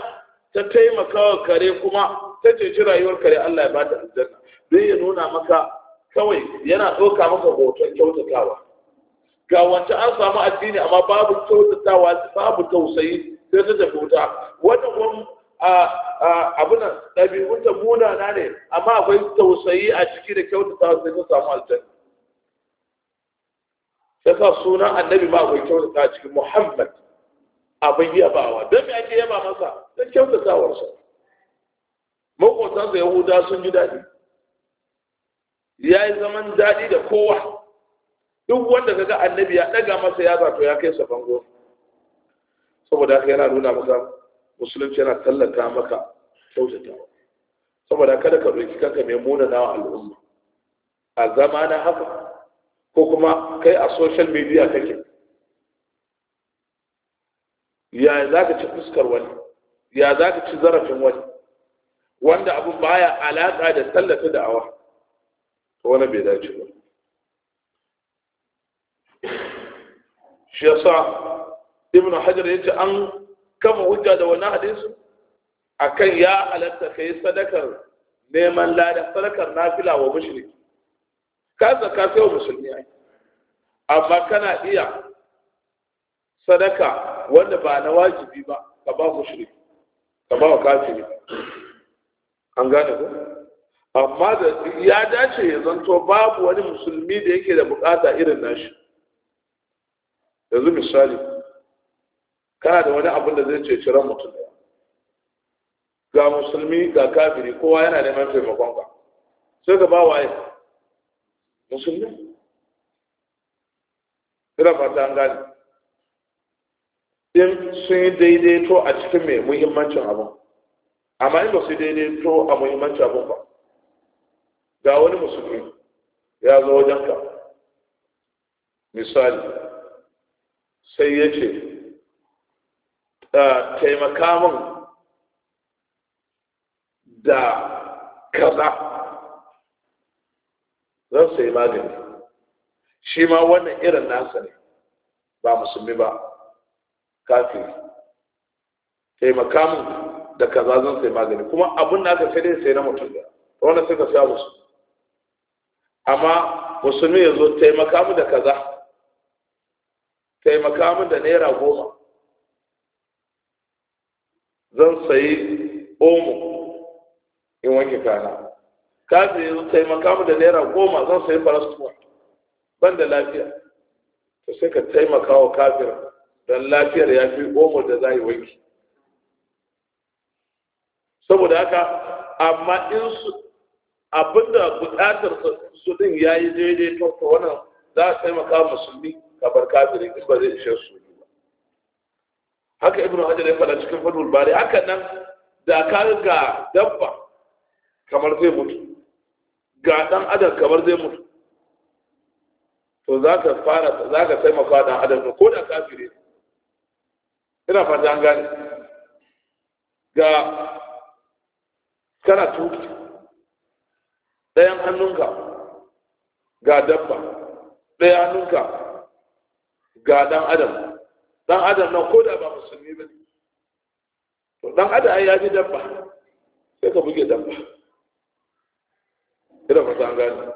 ta taimaka wa kare kuma ta ceci rayuwarka da Allah ya ba ta aljanna don ya nuna maka kawai yana ɗauka maka hoton kyautatawa ga wacce an samu addini amma babu kyautatawa babu tausayi sai ta tafi wuta wannan kuma abin muna na ne amma akwai tausayi a ciki da kyautatawa sai ta samu aljanna yasa sunan annabi ma akwai kyautata cikin muhammad abin yabawa don me ake yaba masa don kyautatawar sa da yahuda sun ji daɗi ya yi zaman daɗi da kowa duk wanda kaga annabi ya ɗaga masa ya zato ya kai sa bango saboda haka yana nuna maka musulunci yana tallata maka kyautatawa saboda kada ka ɗauki kanka mai munana wa al'umma a zama na haka ko kuma kai a social media kake ya za ka ci fuskar wani ya za ka ci zarafin wani wanda abu baya alaƙa da tallata da'awa wani bai dace ba shi yasa ibn hajar ya ce an kama hujja da wannan hadisu kan ya halatta yi sadakar neman lada sadakar nafila wa mushriki ka zaka sai wa musulmi ai amma kana iya sadaka wanda ba na wajibi ba ka ba ka ba wa kafiri an gane ku amma da ya dace ya zanto babu wani musulmi da yake da bukata irin nashi yanzu misali kana da wani abin da zai ce ciran mutum da ga musulmi ga kafiri kowa yana neman taimakon ka sai ka ba waye musulmi ina fata an gane in sun yi daidaito a cikin mai muhimmancin abin amma yin ba su daidai to a muhimmanci abin ba ga wani musulmi ya zo wajen ka misali sai ya ce taimaka min da kaza zan sai magani shi ma wannan irin nasa ne ba musulmi ba kafin taimaka min da kaza zan sai magani kuma abin da aka sai dai sai na mutum da wannan sai ka siya musu amma musulmi ya zo taimaka mu da kaza taimaka mu da naira goma zan sayi omo in wanke kana kazi ya zo taimaka mu da naira goma zan sayi farastuwa ban da lafiya to sai ka taimaka wa kafir don lafiyar ya fi omo da za yi wanki saboda haka amma in su abinda buƙatar su din ya yi daidai to wannan za a taimaka musulmi kabar kafirin in ba zai ishe su ba haka ibnu hajar ya faɗa cikin fadul bari haka nan da ka ga dabba kamar zai mutu ga dan adam kamar zai mutu to za ka fara za ka taimaka dan adam ko da kafire ina fata an gane ga kana tuki ɗayan hannunka ga dabba ɗaya hannunka ga ɗan adam ɗan adam na ko da ba musulmi ba ne to ɗan adam ya ji dabba sai ka buge dabba ina fata an gani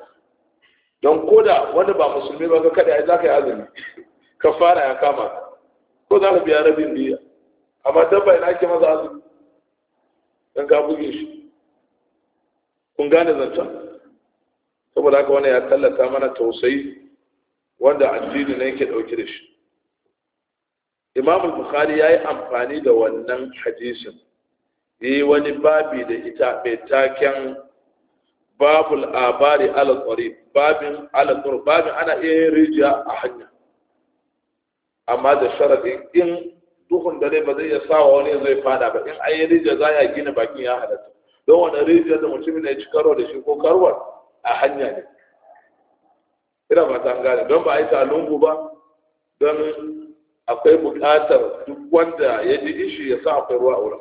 don ko da wanda ba musulmi ba ka kada za ka yi azumi ka fara ya kama ko za ka biya rabin biya amma dabba ina ake maza azumi don ka buge shi kun gane zancen saboda haka wani ya tallata mana tausayi wanda addini ne yake dauke da shi imamul bukhari ya yi amfani da wannan hadisin yi wani babi da ita mai taken babul abari ala babin alatsari babin ana iya yin rijiya a hanya amma da sharaɗin in duhun dare ba zai iya sawa wani zai fada ba in an yi rijiya za a gina bakin ya halatta don wani rijiyar da mutumin ya ci karo da shi ko karwar a hanya ne ina ba ta gane don ba a yi talungu ba don akwai bukatar duk wanda ya ji ishi ya sa akwai ruwa a wurin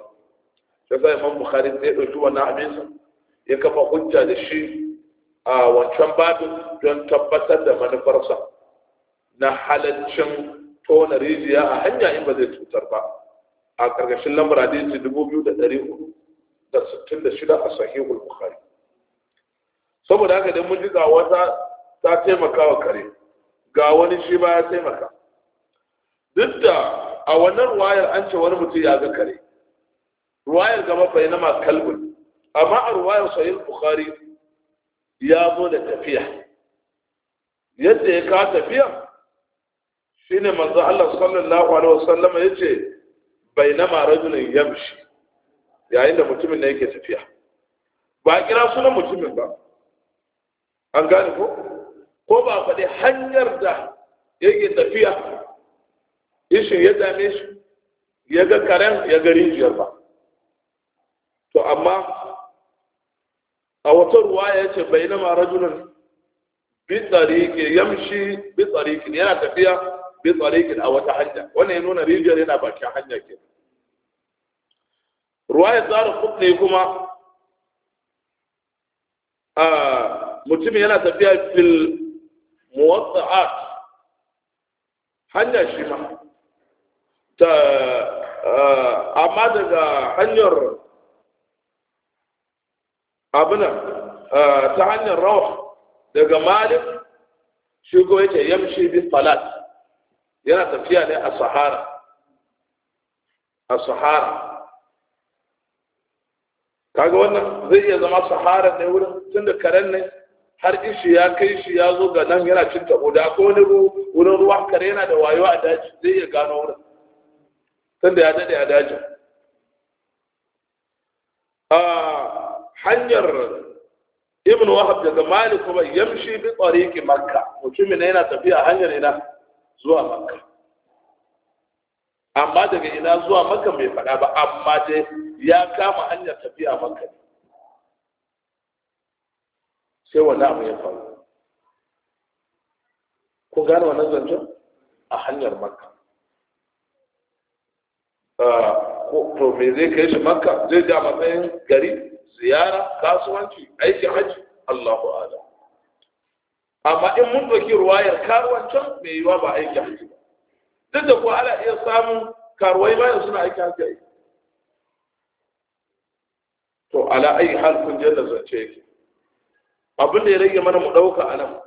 ya sa imam bukari ne ɗauki wannan ya kafa hujja da shi a wancan babin don tabbatar da manufarsa na halaccin tona rijiya a hanya in ba zai cutar ba a ƙarƙashin lambar hadisi dubu biyu da ɗari uku da 66 a sahihul bukhari saboda haka da mun ji ga wata ta taimaka wa kare ga wani shi ba ya taimaka duk da a wannan ruwayar an ce wani mutum ya ga kare ruwayar gaba bai nama kalbin amma a ruwayar sahihul bukhari ya zo da tafiya yadda ya kawo tafiya shine manzo Allah sallallahu alaihi wasallam yace bainama rajulun yamshi yayin da mutumin na yake tafiya ba a kira sunan mutumin ba an gane ko ko ba faɗi hanyar da yake tafiya ishin ya dame shi ya ga karen ya ga rijiyar ba to amma a wata ruwa ya ce bai na nama rajulan bitsariki yamshi bitsarikin yana tafiya bitsarikin a wata hanya wannan ya nuna rijiyar yana bakin hanya ke ruwayar tsarin kutse kuma mutum yana tafiya fil muwatsa'at hanya shi ma ta amma daga hanyar abuna ta hanyar rawa daga malik shi ko yake yamshi bi falat yana tafiya ne a sahara a sahara kaga wannan zai iya zama sahara ne wurin da karen ne har ishi ya kai shi ya zo ga nan yana cin tabo da ko wani wurin ruwa kare yana da wayo a daji zai iya gano wurin da ya daɗe a daji. a hanyar ibn wahab daga malik kuma yamshi bi tsariki makka mutumin yana tafiya hanyar yana zuwa makka amma daga ina zuwa maka bai faɗa ba amma dai ya kama hanyar tafiya maka ne sai wani abu ya faru ko gane wannan zancen a hanyar maka ah, to me zai kai shi maka zai ja matsayin gari ziyara kasuwanci aikin hajji allahu ala amma in mun ɗauki ruwayar karuwancin mai yiwa ba aiki hajji duk da kuwa ana iya samun karuwai bayan suna aiki haka yi to ala ayi hal kun je da zance yake abin da ya rage mana mu ɗauka a nan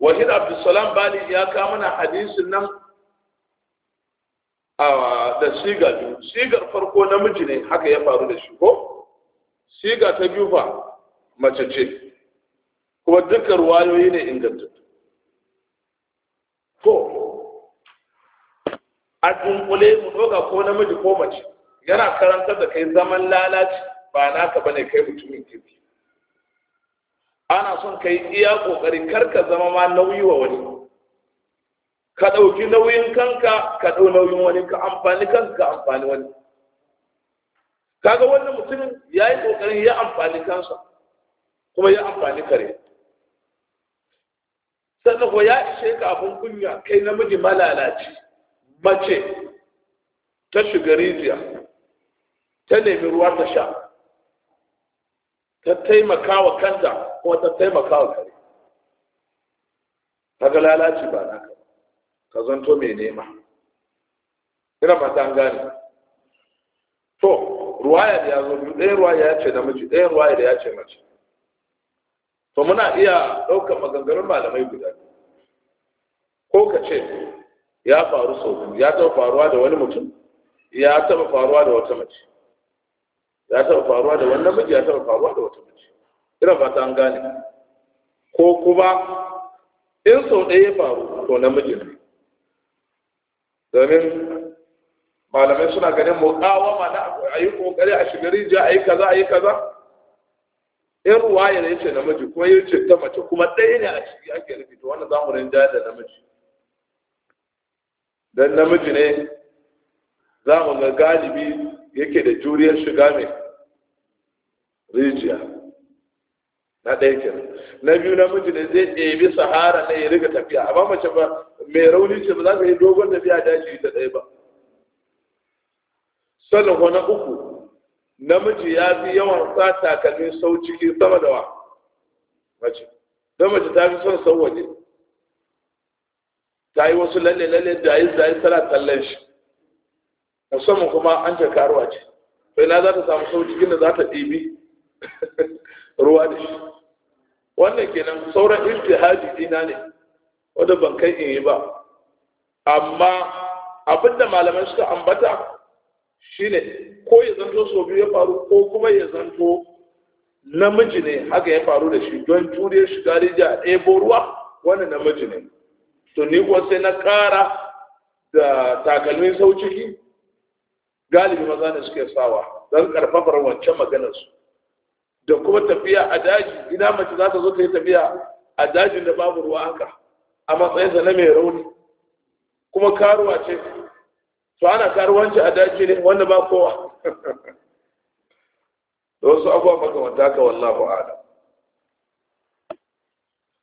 wahid abdussalam bali ya kawo mana hadisin nan a da siga biyu sigar farko namiji ne haka ya faru da shi ko siga ta biyu fa mace ce kuma dukkan wayoyi ne ingantattu a dunkule mu doga ko namiji ko mace yana karantar da kai zaman lalaci ba naka ne kai mutumin kirki ana son kai iya kokari kar ka zama ma nauyi wa wani ka ɗauki nauyin kanka ka ɗau nauyin wani ka amfani kanka ka amfani wani kaga wannan mutumin ya yi kokarin ya amfani kansa kuma ya amfani kare sannan ko ya ishe ka abin kunya kai namiji malalaci mace ta shiga rijiya ta nemi ruwa ta sha ta taimaka wa kanta kuma ta taimaka wa kare ga lalaci ba na ka zanto mai nema ina fata an gane to ruwaya da ya zo biyu ɗaya ruwaya ya ce mace ɗaya ruwaya da ya ce mace to muna iya ɗaukar maganganun malamai guda ko ka ce ya faru sau ya taɓa faruwa da wani mutum ya taɓa faruwa da wata mace ya taɓa faruwa da wani namiji ya taɓa faruwa da wata mace ina fata an gane ko kuma in sau ɗaya ya faru to namiji ne domin malamai suna ganin mu muƙawama na a yi ƙoƙari a shigar rijiya a yi kaza a yi kaza in ruwa ya ce namiji kuma ya ce ta mace kuma ɗaya ne a ciki ake rufi to wannan zamu rinjaya da namiji dan namiji ne za mu ga galibi yake da juriyar shiga mai rijiya na ɗaya ke na biyu namiji ne zai ɗebi sahara na ya riga tafiya A ba mace ba mai rauni ce ba za ka yi dogon tafiya daji ta ɗaya ba sannan na uku namiji ya fi yawan sa takalmin sau ciki sama da wa mace don mace ta fi son sau waje ta yi wasu lalle lalle da yi zai tana tallan shi musamman kuma an ta karuwa ce sai na za ta samu sauki da za ta ɗibi [laughs] ruwa da shi wannan kenan sauran iltihadi dina ne wanda ban kai in yi ba amma abinda malaman suka ambata shine ko ya zanto so biyu ya faru ko kuma ya zanto namiji ne haka ya faru da shi don turiyar shiga rijiya ɗebo ruwa wani namiji ne to ni ko sai na ƙara da takalmin sau galibi maza ne suke sawa don karfafar wancan maganarsu da kuma tafiya a daji ina mace za ta zo ta yi tafiya a dajin da babu ruwa haka a matsayinsa na mai rauni kuma karuwa ce to ana karuwanci a daji ne wanda ba kowa da wasu abuwa makamanta ka wallahu ala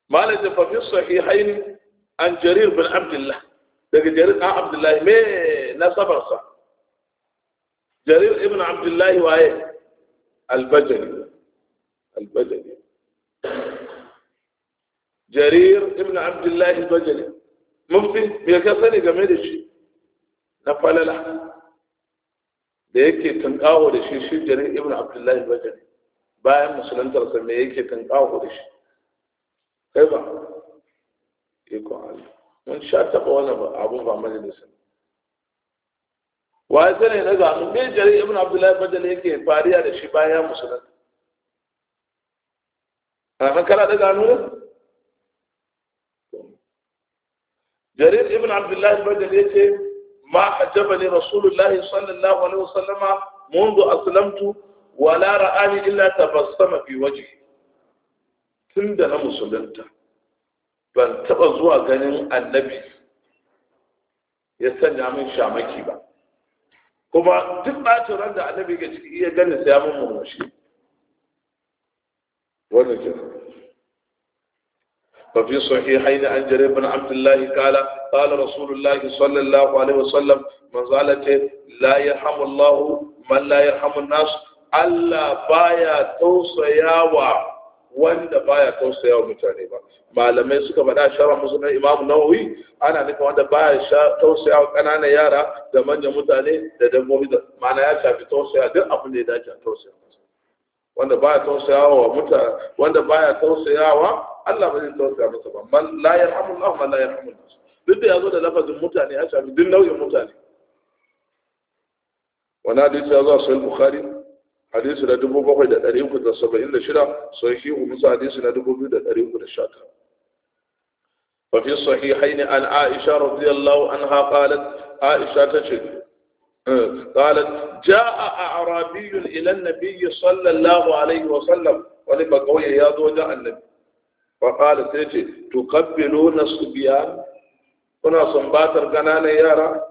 malamin fafin sahihaini عن جرير بن عبد الله لكن جرير بن آه، عبد الله مين نصبر صح جرير ابن عبد الله وايه البجلي البجلي جرير ابن عبد الله البجلي مفتي بيا كسر جميل الشيء نفعل له da yake tunkawo da shi shi jari ibn abdullahi bajani bayan musulun tarsa mai yake tunkawo ikon Allah mun sha taba wannan abun ba majalisin wa ya sani na zamu me jari ibn abdullahi bajal yake fariya da shi bayan musulun kana kan kana da gano ne jarir ibn abdullahi bajal yace ma ajabani rasulullahi sallallahu alaihi wasallama منذ أسلمت ولا رآني إلا تبسم في وجهي tunda na musulunta ban taɓa zuwa ganin annabi ya sanya min shamaki ba kuma duk ɓacin ran da annabi ga ciki iya ganin sai ya mun murmushi wannan kenan وفي صحيحين عن جرير بن عبد الله قال قال رسول الله صلى الله عليه وسلم من زالت لا يرحم الله من لا يرحم الناس بايا wanda baya tausaya wa mutane ba malamai suka faɗa shara musu na imamu nawawi ana nufin wanda baya tausaya wa ƙananan yara da manyan mutane da dabbobi da mana ya shafi tausaya duk abin da ya dace a tausaya wanda baya tausaya wa mutane wanda baya tausaya wa Allah bai tausaya masa ba man la yarhamu Allah man la yarhamu nas duk da yazo da lafazin mutane ya shafi duk nau'in mutane wannan hadisi ya zo a sahih bukhari hadisi na dubu bakwai da ɗari uku da saba'in da shida sai shi hadisi na dubu biyu da ɗari uku da sha tara wafi sahi haini an aisha radiyallahu an ha aisha ta ce ƙalat eh, ja a arabiyyun ilan nabiyyi sallallahu alaihi wa sallam wani ba ƙauye ya zo wajen annabi wa ce to kabbilo na su biya kuna sumbatar ganan yara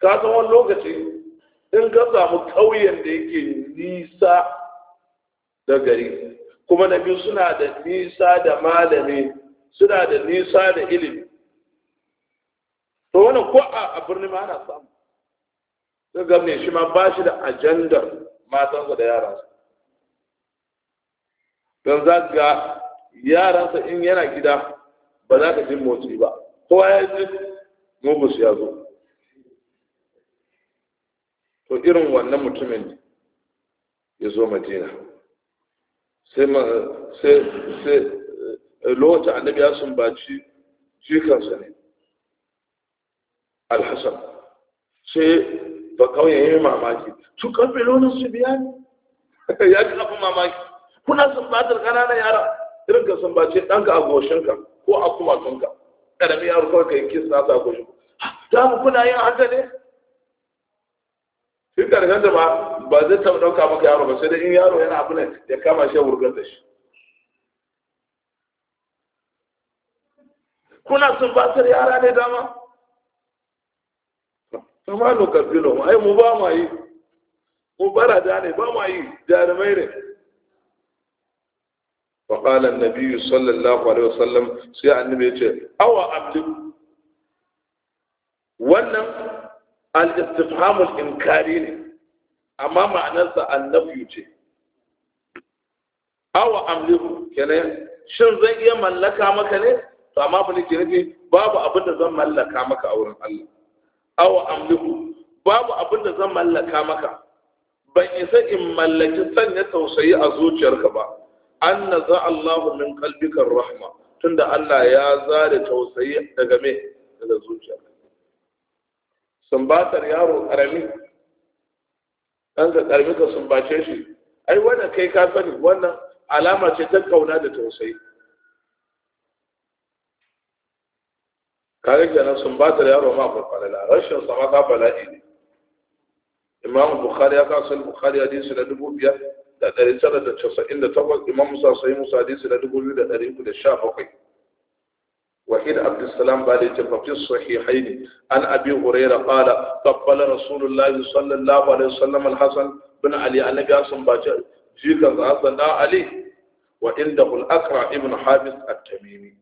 ka wani lokaci sun ka samu ƙauyen da yake nisa da gari kuma na biyu suna da nisa da malami suna da nisa da ilimi to wannan ko a birni ma ana samu sai gamne shi ma ba shi da ajandar matansa da yaransa don za ga yaransa in yana gida ba za ka jin motsi ba kowa ya ji mugus ya zo to irin wannan mutumin ya zo madina sai eh, lokacin annabi ya sumbaci jikarsa ne alhassan sai ba kawai ya yi mamaki su karfe lonin su biya ne [laughs] ya ci abin mamaki kuna sumbatar ƙananan yara irin ka sumbaci ɗanka a goshinka ko a kuma kumatunka ƙarami yaro kawai ka yi kisa ta goshin da kuna yin haka ne shi karshen ba ba zai taɓa ɗauka maka yaro ba sai dai in yaro yana abu ne ya kama shi wurgar da shi kuna sun basar yara ne dama kama lokar filo ai mu ba ma yi mu bara da ne ba ma yi jarumai ne وقال النبي صلى الله عليه وسلم سي النبي ce, awa املك wannan al-istifham al-inkari ne amma ma'anarsa annabi ce awa amliku kenan shin zan iya mallaka maka ne to amma fa nake nufi babu abin da zan mallaka maka a wurin Allah awa amliku babu abin da zan mallaka maka ban isa in mallaki sanya tausayi a zuciyarka ba an naza Allahu min qalbika rahma tunda Allah ya zare tausayi daga me daga zuciyarka sumbatar yaro karami ɗanka karbi ka sumbace shi ai wannan kai ka sani wannan alama ce ta kauna da tausayi kare kenan sumbatar yaro ma la rashin sama ka bala'i ne imam bukhari ya sun bukhari hadisi na dubu biyar da ɗari tara da casa'in da takwas imam musa sai musa hadisi na dubu biyu da ɗari uku da sha bakwai وحيد عبد السلام بالي في الصحيحين عن أبي هريرة قال قبل رسول الله صلى الله عليه وسلم الحسن بن علي النبي حسن باجر جيك الحسن علي وعنده الأقرع ابن حابس التميمي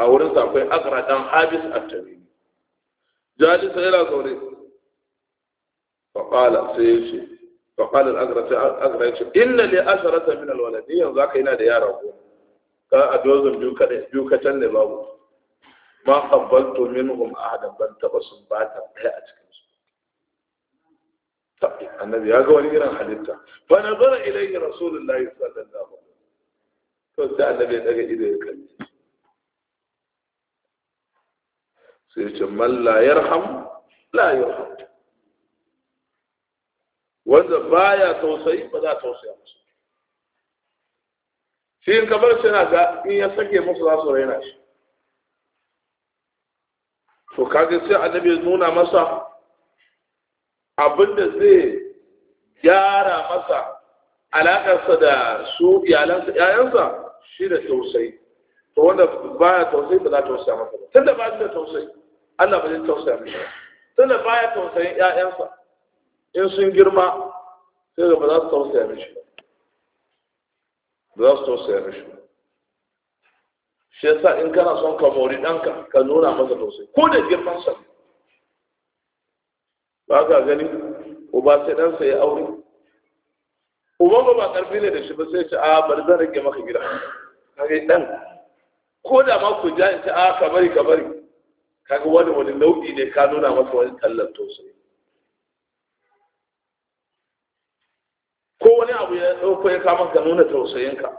أورث أقوي أقرع دان حابس التميمي جالس إلى زوري فقال سيشي فقال الأقرع إن لأشرة من الولدين ذاك إنا دياره ka a dozin biyu kacan ne babu ma kabbalto minhum ahadan ban taɓa sun bata ɗaya a cikin su annabi ya ga wani irin halitta fa nazara ilayhi rasulullahi sallallahu alaihi wasallam to sai annabi ya daga ido ya kalli sai ya ce man la yarham la yarham wanda baya tausayi ba za tausaya masa shi in kabar shi na ga in ya sake musu za su raina shi to kaga sai annabi nuna masa abinda zai gyara masa alaƙarsa da su iyalansa ƴaƴansa shi da tausayi to wanda baya tausayi ba za tausaya masa ba tunda ba shi da tausayi Allah ba zai tausaya masa tunda baya tausayin ƴaƴansa in sun girma sai ba za su tausaya mishi ba za su ya mishi shi sa in kana son ka mori ɗanka ka nuna masa tausayi ko da girman sa ba ka gani uba sai ɗansa ya aure uba ba ba ƙarfi ne da shi ba sai ce a bari zan rage maka gida kage ɗan ko da ma ku ja in ce a ka bari ka bari kaga wani wani nau'i ne ka nuna masa wani tallar tausayi wani abu ya ɗauko ya kama ka nuna tausayinka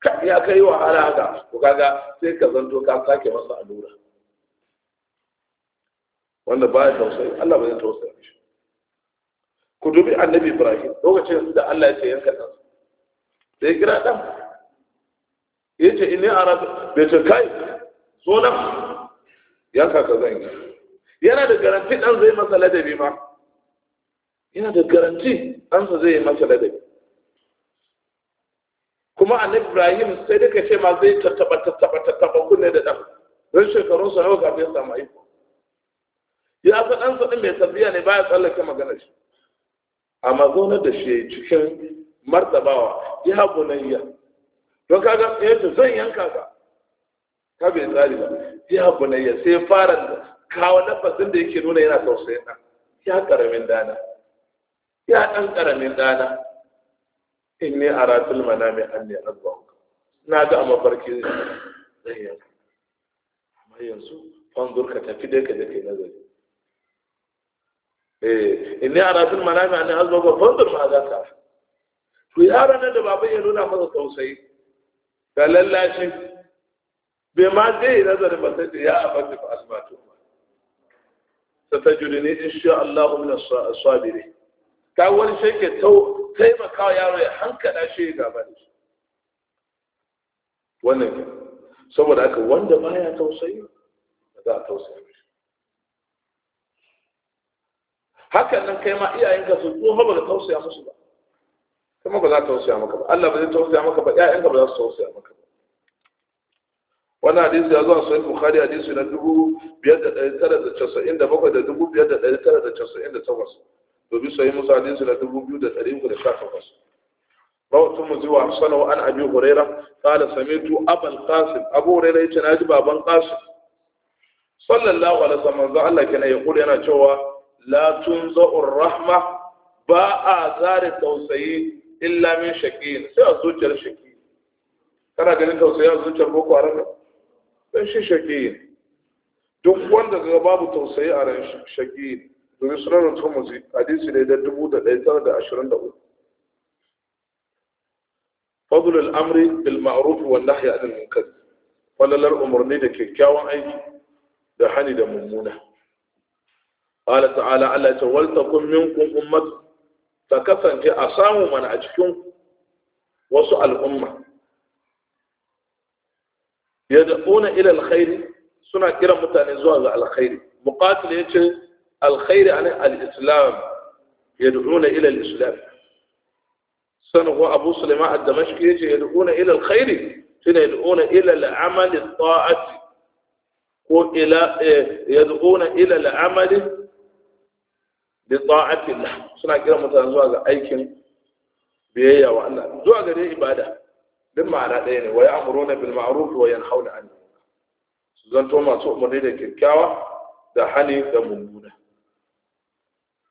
ka ya kai wa haka ku kaga sai ka zanto ka sake masa allura wanda ba ya tausayi Allah ba zai tausaya shi ku dubi annabi Ibrahim lokacin da Allah ya ce yanka ɗan sai kira ɗan ya ce inni a rafi bai ce kai so nan yanka ka zan yi yana da garanti ɗan zai masa ladabi ma yana da garanti ɗansa zai yi masa ladabi kuma annabi ibrahim sai duka ce ma zai tattaba tattaba tattaba kunne da dan don shekarun sa nawa kafin ya samu aiko ya ga dan sa din mai tarbiya ne baya tsallake magana shi amma zona da shi cikin martabawa ya bunayya don kaga ya ce zan yanka ka ka bai tsari ba ya bunayya sai fara kawo lafazin da yake nuna yana tausayin ɗan ya karamin dana ya ɗan karamin dana inni aratul manami anni azbauka na ga a mafarki zai yanka amma yanzu fanzur ka tafi dai ka je kai nazari eh inni aratul manami anni azbauka fanzur ma za ka to ya nan da baban ya nuna masa tausayi da lallashi bai ma zai nazarin ba sai ya abadi fa asmatu satajudini insha Allah min as-sabirin ta wani shi ke taimaka yaro ya hankala shi ya gaba da shi wannan ne saboda haka wanda ba ya tausayi za a tausayi hakan nan kai ma iyayenka su tsoho ba da tausaya musu ba kuma ba za a tausaya maka ba Allah ba zai tausaya maka ba ƴaƴanka ba za su tausaya maka ba wannan hadisi ya zo a sahih bukhari hadisi na 5997 da 5998 domin sai musa hadisi na dubu biyu da ɗari uku da sha takwas rawatun muzi wa sanau an abi huraira qala samitu abal qasim abu huraira yace naji baban qasim sallallahu alaihi wasallam za Allah kana ya kula yana cewa la tunza'ur rahma ba a zare tausayi illa min shakin sai a zuciyar shaki kana ganin tausayi a zuciyar boko haram dan shi shaki duk wanda ga babu tausayi a ran shaki domin sunan turmuzi hadisi ne da 1923 fadl al-amri bil ma'ruf wal nahy anil munkar falalar umarni da kyakkyawan aiki da hani da mummuna qala ta'ala ta kun min kun ummat ta kasance a samu mana a cikin wasu al'umma yad'una ila al-khair suna kiran mutane zuwa ga alkhairi muqatil yace الخير عن الإسلام يدعون إلى الإسلام سنه أبو سلماء الدمشقي يدعون إلى الخير يدعون إلى العمل الطاعة وإلى إيه، يدعون إلى العمل لطاعة الله سنة كده متنزوها أيكم بيهي وأن زوها قد عباده بما عرادين ويأمرون بالمعروف وينحون عنه سنة ما تؤمن إلى كركاوة ده حني ده منبونه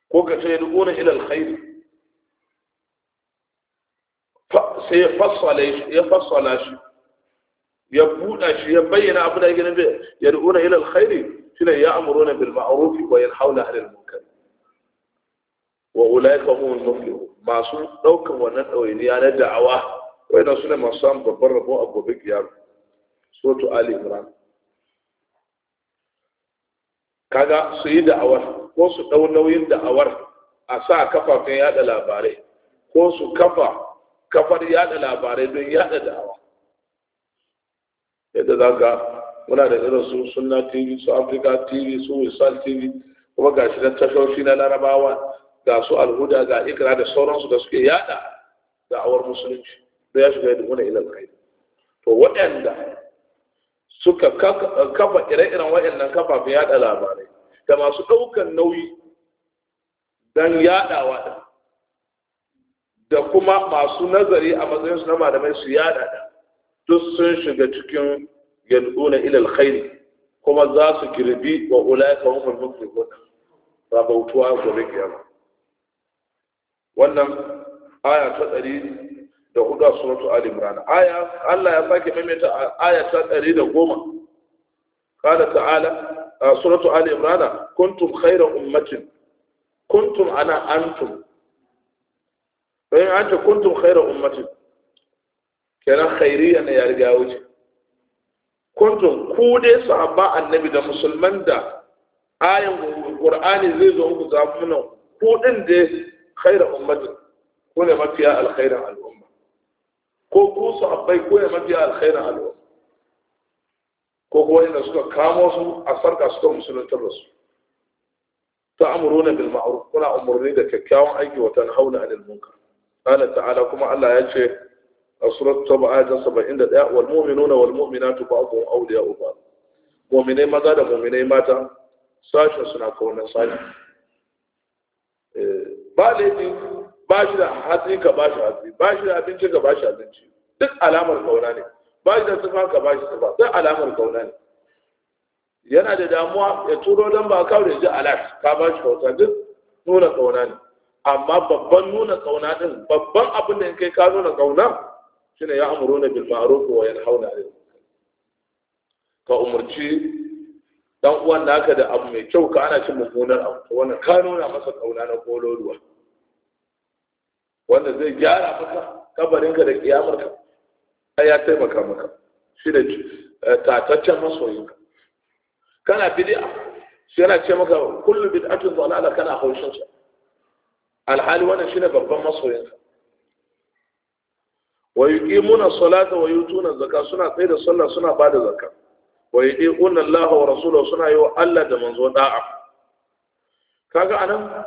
وكتدعون إلى الخير سيفصل يفصل أشي يبود أشي يبين أبناء جنبه يدعون إلى الخير فلا يأمرون بالمعروف وينحون أهل المنكر وأولئك هم المفلحون ما لو كم ونن أو إني أنا دعوة وإن رسول ما صام ببربو أبو بكر سورة آل عمران كذا سيد أوله ko su ɗau nauyin da'awar a sa kafafen yada labarai ko su kafa kafar yada labarai don yada da'awa yadda za ga muna da irin su sunna tv su africa tv su wisal tv kuma ga shi na tashoshi na larabawa ga su alhuda ga ikra da sauransu da suke yada da'awar musulunci don ya shiga yadda muna ilal kai to waɗanda suka kafa ire-iren waɗannan kafafen yada labarai da masu ɗaukan nauyi don yaɗawa da da kuma masu nazari a matsayinsu na malamai su yaɗa da duk sun shiga cikin na ilal khairi kuma za su girbi wa ulaika hum al-muflihun rabautuwa gobe yawa. wannan aya ta ɗari da hudu a suratu Ali Imran aya Allah ya sake maimaita aya ta ɗari da goma qala ta'ala suratu ali imran kuntum khayra ummatin kuntum ana antum bayan an ce kuntum khayra ummatin kenan khairiyya ne ya riga wuce kuntum ku dai ba annabi da musulman da ayan qur'ani zai zo ku za mu nan ku din dai khayra ummatin ku ne mafiya alkhairan al'umma ko ku sahabbai ku ne mafiya alkhairan al'umma ko kuma wanda suka kamo su a sarka suka musuluntar da su ta amuruna na ma'ruf kuna umurni da kyakkyawan aiki wata wa tanhauna anil munka ala ta'ala kuma Allah ya ce a surat tauba ayat 71 wal mu'minuna wal mu'minatu Audu ya ba'd mu'minai maza da mu'minai mata sashen suna kaunar sani. Eh, ba laifi ba shi da hatsi ka ba shi hatsi ba shi da abinci ka ba shi abinci duk alamar kauna ne ba shi da sifa ka ba shi sifa sai alamar kauna ne yana da damuwa ya turo don ba kawo da ji alat ka ba shi kauta duk nuna kauna ne amma babban nuna kauna din babban abin da in kai ka nuna kauna ne ya na bil ma'ruf wa hauna ne. ka umarci dan uwan naka da abu mai kyau ka ana cin mummunar abu to wannan ka nuna masa kauna na kololuwa wanda zai gyara maka kabarinka da kiyamarka ya taimaka maka shi da eh, tataccen masoyinka kana bid'a shi yana ce maka kullu bid'atun dalala kana haushin sa alhali wannan shine babban masoyinka wa yuqimuna salata wa yutuna zaka suna tsaye da sallah suna bada zakka wa yuqimuna Allah wa rasuluhu, suna yi wa Allah da manzo da'a kaga anan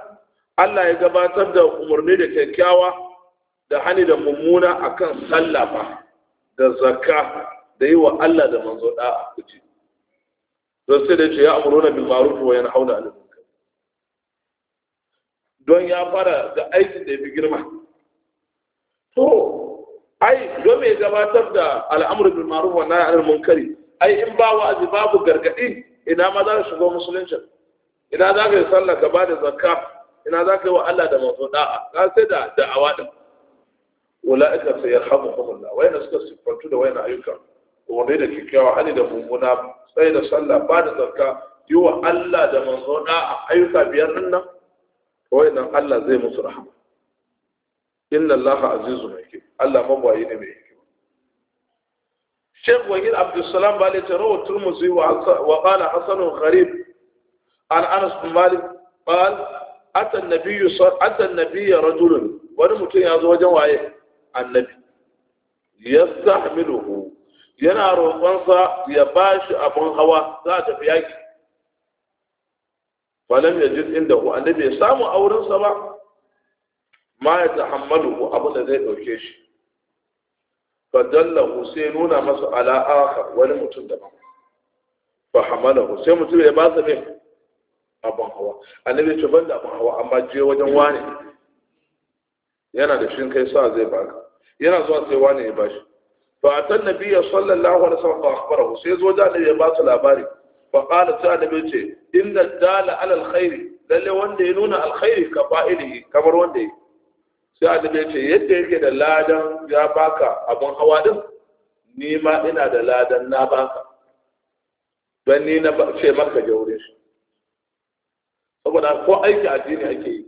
Allah ya gabatar da umarni da kyakkyawa da hani da mummuna akan sallah ba da zakka da yi wa Allah da manzo a kuce don sai da ce ya na bil ma'ruf wa yanhauna a munkar don ya fara da aikin da ya fi girma to ai don me gabatar da al'amr bilmaru ma'ruf na nahy 'anil ai in ba wa babu gargadi ina ma za ka shiga musulunci ina za ka yi sallah ka ba da zakka ina za ka yi wa Allah da manzo da'a ka sai da da'awa din ula'ika sai yarhamuhumullah wayanda suka siffantu da wayannan ayyuka umarni da kyakkyawa hali da mummuna tsaye da sallah ba da zakka yi wa Allah da manzo a ayyuka biyar din nan Allah zai musu rahama inna Allah azizu mai ke Allah mabwayi ne mai hikima Sheikh Wahid Abdulsalam Bale ta rawa Turmuzi wa qala Hasan Gharib an Anas bin Malik qal ata an wani mutum ya zo wajen waye annabi yastahmiluhu yana roƙonsa ya bashi abun hawa za ta fi yaki falam yajid inda ku annabi ya samu sa ba ma ya tahammaluhu abu da zai ɗauke shi Fadalla sai nuna masa ala akhar wani mutum ba fa hamala sai mutum ya ba sa ne abin hawa annabi ya ce banda abin hawa amma je wajen wani yana da shin kai sa zai baka yana zuwa sai wani ya bashi fa atan nabiyya sallallahu alaihi wasallam fa akhbarahu sai zo da ya ba su labari fa qala ta nabi ce inna dala ala alkhair lalle wanda ya nuna alkhairi ka fa'ilihi kamar wanda ya sai annabi ce yadda yake da ladan ya baka abun hawa din ni ma ina da ladan na baka don ni na ce maka je shi saboda ko aiki addini ake yi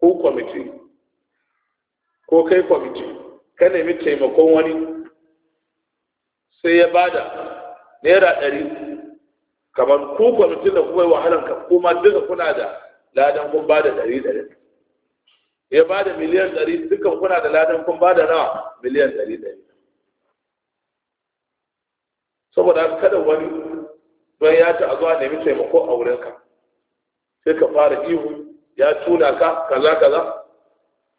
ko kwamiti ko kai kwamiti ka nemi taimakon wani sai ya bada naira ɗari kamar ku kwamitin da kuma wahalar ka kuma duka kuna da ladan kun bada ɗari ɗari ya bada miliyan ɗari dukan kuna da ladan kun bada nawa miliyan ɗari ɗari saboda kada wani don ya ta zuwa nemi taimako a wurinka sai ka fara ihu ya tuna ka kaza kaza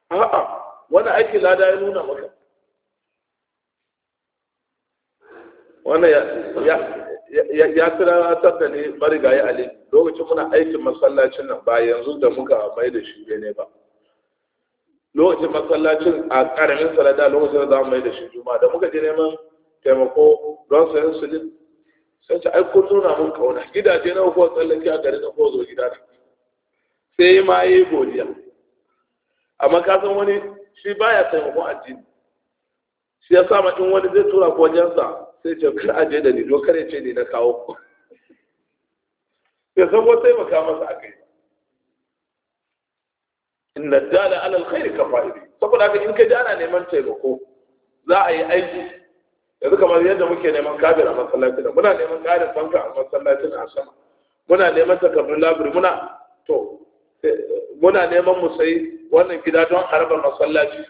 a'a wani aiki lada ya nuna maka wani ya tunatar da ne ya ali lokacin muna aikin masallacin nan ba yanzu da muka mai da shi ne ba lokacin masallacin a karamin salada lokacin da za mu mai da shi juma da muka je neman taimako don sayan sulin sai ta ai kun nuna mun kauna gidaje na ko tsallake a garin na ko zo gida sai ma yi godiya amma ka san wani shi baya taimakon addini shi ya sama in wani zai tura ko wajensa sai ce kar aje da ni dokar ya ce ni na kawo ku ya san ko taimaka masa a kai in na dala alal khairi ka fa'idi saboda haka in ka ji ana neman taimako za a yi aiki yanzu kamar yadda muke neman kabir a masallacin da muna neman ƙarin fanka a masallacin a sama muna neman takardun labiri muna to muna neman mu sai. wannan gida don harabar masallaci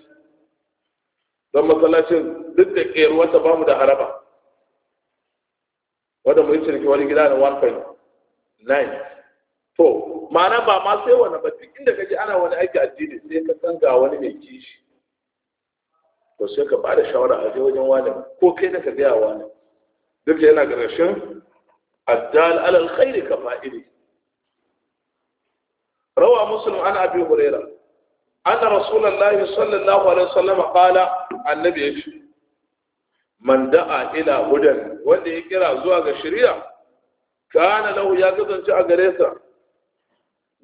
don masallacin duk da ƙeruwarsa ba mu da haraba wanda mu yi ciniki wani gida da 1.9 to ma'ana ba ma sai wani ba duk inda kaje ana wani aiki addini sai ka san ga wani mai kishi to sai ka bada shawara a je wajen wani ko kai da ka a wani duk yana ƙarshen addal alal khairi ka fa'ili Rawa muslim ana ابي hurairah Ana rasulullahi sallallahu alaihi wasallam qala annabi yace man da'a ila hudan wanda ya kira zuwa ga shari'a kana lahu ya kasance a gare sa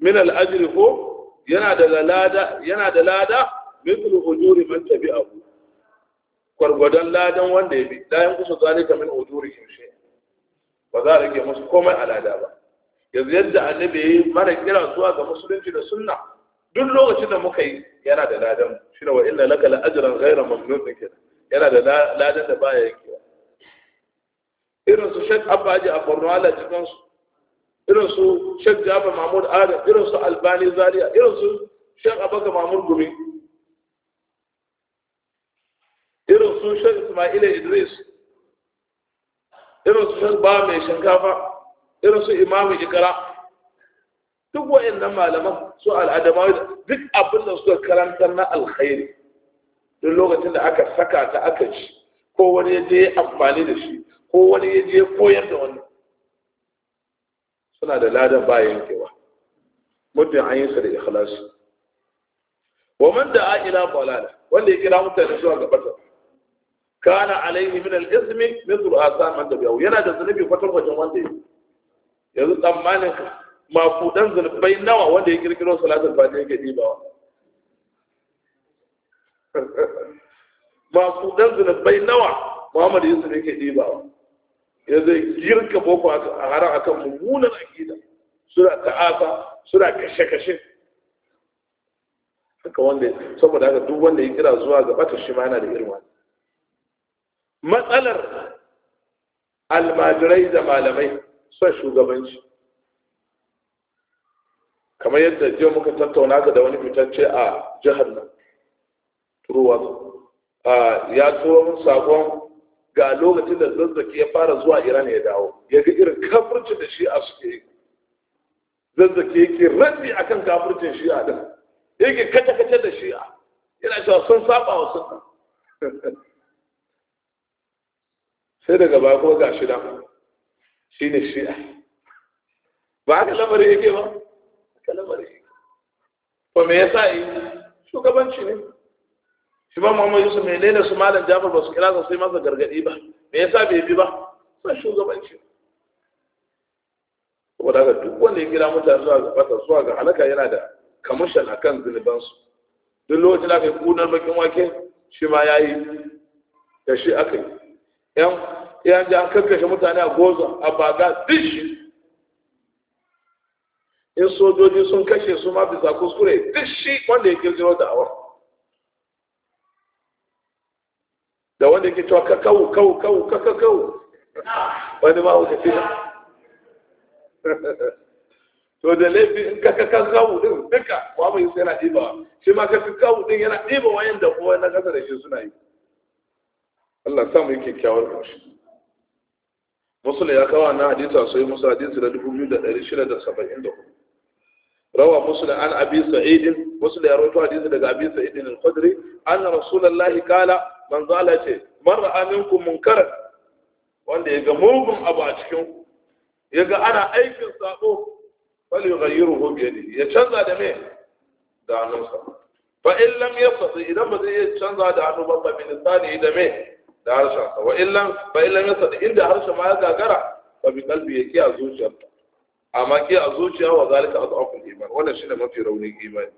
min al ko yana da lada yana da lada mithlu ujuri man wanda ya bi layan kusa zalika min ujuri kimshe ba za a rage musu komai a lada ba yanzu yadda annabi ya yi mara kira zuwa ga musulunci da sunna duk lokacin da muka yi yana da ladan shi da wa illa laka la ajran ghayra mamnun kenan yana da ladan da baya yake irin su shek Abba Haji a Borno Allah cikin su irin su shek Jafar Mahmud Adam irin su Albani Zaria irin su Sheikh Abaka Mahmud Gumi irin su shek Ismail Idris irin su shek Ba mai shinkafa irin su imamu ikara duk wayannan malaman su al'adamawa duk abin da suka karantar na alkhairi duk lokacin da aka saka ta aka ci ko wani ya je amfani da shi ko wani ya je koyar da wani suna da ladan ba yankewa muddin an yi sa da ikhlasi wa man da'a ila balala wanda ya kira mutane zuwa ga bata kana alaihi min al min mithlu asan man tabi'u yana da zunubi kwatan wajen wanda yanzu tsammanin ka mafudan zunubai nawa wanda ya kirkiro salatul fajr yake dibawa mafudan zunubai nawa Muhammad Yusuf yake dibawa ya zai girka boko a haram akan mummunan akida suna ta'asa suna kashe-kashe haka wanda saboda haka duk wanda ya kira zuwa ga bata shi ma yana da irin wani matsalar almajirai da malamai son shugabanci kamar yadda jiya muka tattauna ga da wani fitacce a jihar nan a ya turo min sakon ga lokacin da zazzaki ya fara zuwa iran ya dawo ya ga irin kafircin da shi a suke yi zazzaki yake a akan kafircin a din yake kace-kace da shi a, yana cewa sun saba wa sunna [laughs] sai daga bako ga shi nan shi shi'a ba haka lamarin yake ba kalamar yi to me yasa yi shugabanci ne shi ba Muhammad Yusuf mai ne su malam Jafar ba su kira sa sai masa gargadi ba me yasa bai bi ba sai shugabanci saboda haka duk wanda ya kira mutane zuwa ga fata zuwa ga halaka yana da kamushan akan su. duk lokacin da aka yi kunar bakin wake shi ma ya yi da shi aka yi yan yan ji an kakkashe mutane a goza a baga duk shi in sojoji sun kashe su ma bisa kuskure duk shi wanda ya kirkiro da awar da wanda ke cewa kakau kau kau kakau wani ma wuce fi [laughs] to da laifin in ka kakan kawu din duka kwamu yi yana ɗiba shi ma ka kawu din yana ɗiba wayan da kowa na kasa da shi suna yi Allah samu yi kyakkyawar ƙarshe musulun ya kawo na hadisa sai musu hadisi da dubu biyu da ɗari shida da saba'in da hudu روى مسلم عن أبي سعيد مسلم يروي حديث لك أبي سعيد الخدري أن رسول الله قال من قال من رأى منكم منكرا wanda ya ga mugun abu a cikin ya ga ana aikin sabo bali yughayyiru hu bi ya canza da me da hannunsa fa in lam yastati idan ba zai iya canza da hannu ba fa min da me da harshensa inda harshen ma gagara fa bi qalbi yake a zuciyarsa amma ke a zuciya wa zalika adhaful iman wannan shine mafi raunin imani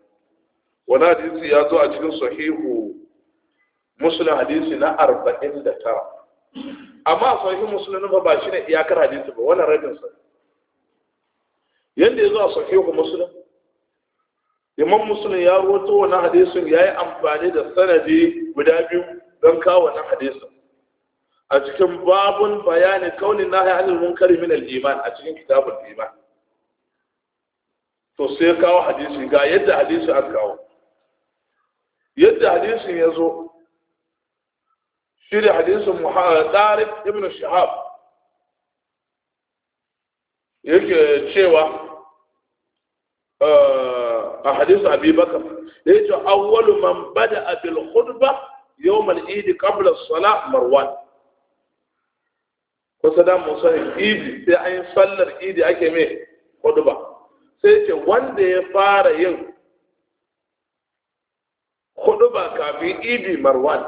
wannan hadisi ya zo a cikin sahihu muslim hadisi na 49 amma sahihu muslim ba ba shine iyakar hadisi ba wannan rabin sa yanda ya zo a sahihu muslim imam muslim ya rawaito wannan hadisin yayi amfani da sanadi guda biyu don kawo wannan hadisin a cikin babun bayanin kaunin nahi anil munkari min al-iman a cikin kitabul iman to sai kawo hadisi ga yadda hadisi aka kawo yadda hadisi ya zo shi da hadisin tsarin ibn shahab yake cewa eh, a hadisin abubakar yi cewa awwalu man bada abil khutba yau al-eid qabla as marwan ko sada musa idi sai an sallar idi ake mai khutba sai ce wanda ya fara yin hudu ba kafin idi marwan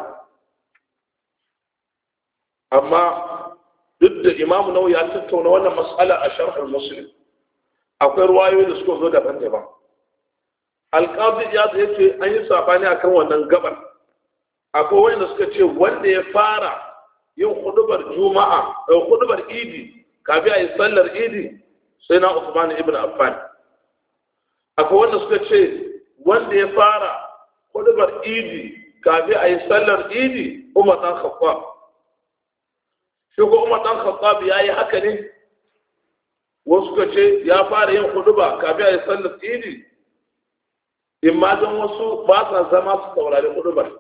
amma duk da imam nau ya tattauna wannan matsala a sharhar musulun akwai ruwayoyi da suka zo daban-daban alƙazi ya zai ce an yi sabani a kan wannan gabar akwai wanda suka ce wanda ya fara yin hudubar juma'a eh, hudubar idi kafin a yi sallar idi sai na usman ibn affan akwai wanda suka ce wanda ya fara hudubar idi kafin a yi sallar idi umar ɗan khattab shi ko umar ɗan khattab ya yi haka ne wasu suka ce ya fara yin huduba kafin a yi sallar idi in ma don wasu ba sa zama su saurari hudubar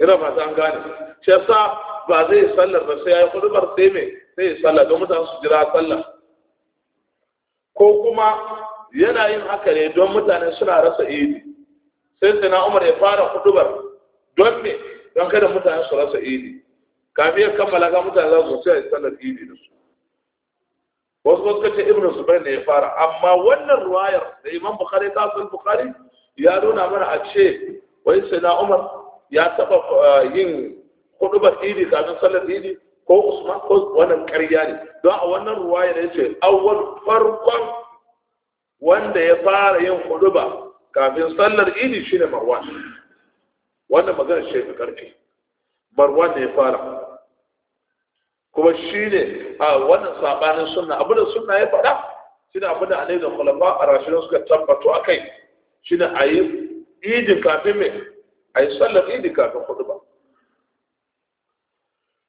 ina ba an gane shi yasa ba zai yi sallar ba sai ya yi hudubar sai mai sai ya sallar don mutane su jira sallar ko kuma yana yin haka ne don mutane suna rasa idi sai sai na umar ya fara kudubar don me don kada mutane su rasa idi kafin ya kammala ga mutane za su sai a sallar idi da su wasu wasu kace ibnu zubair ne ya fara amma wannan ruwayar da imam bukhari ta san bukhari ya nuna mana a ce wai sai na umar ya taba eh, yin kudubar idi kafin sallar idi ko usman ko wannan ƙarya ne don a wannan ruwayar ya ce awwal farkon wanda ya fara yin huduba kafin sallar idi shine marwan wannan magana ce mai karfi marwan ne ya fara kuma shine a wannan sabanin sunna da sunna ya faɗa shine ne abu da khulafa a rashidun suka tabbato akai shine ayi idin kafin mai ayi sallar idi kafin huduba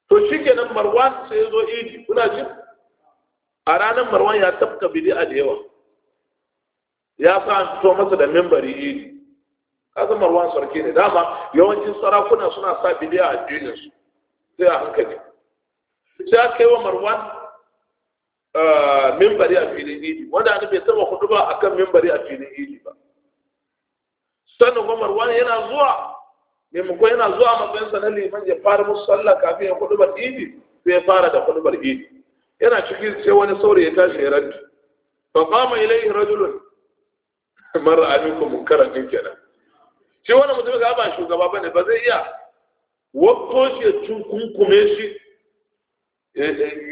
to shikenan marwan sai ya zo idi kuna ji a ranar marwan ya tafka bid'a da yawa ya sa an fito masa da membari idi kaza marwan sarki ne dama yawancin sarakuna suna sa bidiya a addinin su sai a hankali sai aka yi wa marwan eh, membari a filin idi wanda bai taba hudu ba akan membari a filin idi ba sannan kuma marwan yana zuwa maimakon yana zuwa matsayinsa na liman ya fara musu sallah kafin ya ba idi sai ya fara da ba idi yana cikin sai wani saurayi ya tashi ya rantu fa mai laifin rajulun mara aminku munkaran din kenan shi wannan mutum ga ba shugaba bane ba zai iya wakko shi ya tunkunkume shi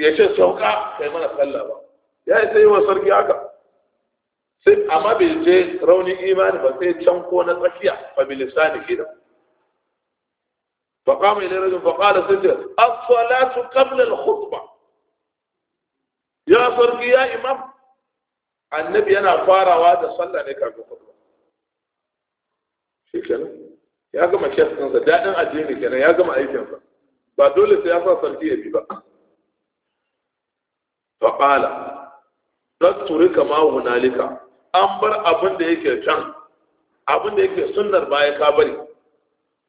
ya ce sauka kai mana sallah ba ya yi yi wa sarki haka sai amma bai je raunin imani ba sai can ko na tsakiya fa bilisani kenan فقام إلى رجل فقال سجد الصلاة قبل الخطبة يا صرقي يا إمام annabi yana farawa da sallah ne kafin khutba shi kenan ya gama kestinsa daɗin addini kenan ya gama aikinsa ba dole sai ya sa sarki ya bi ba faƙala don turi kama hunalika an bar abin da yake can abin da yake sunnar baya ka bari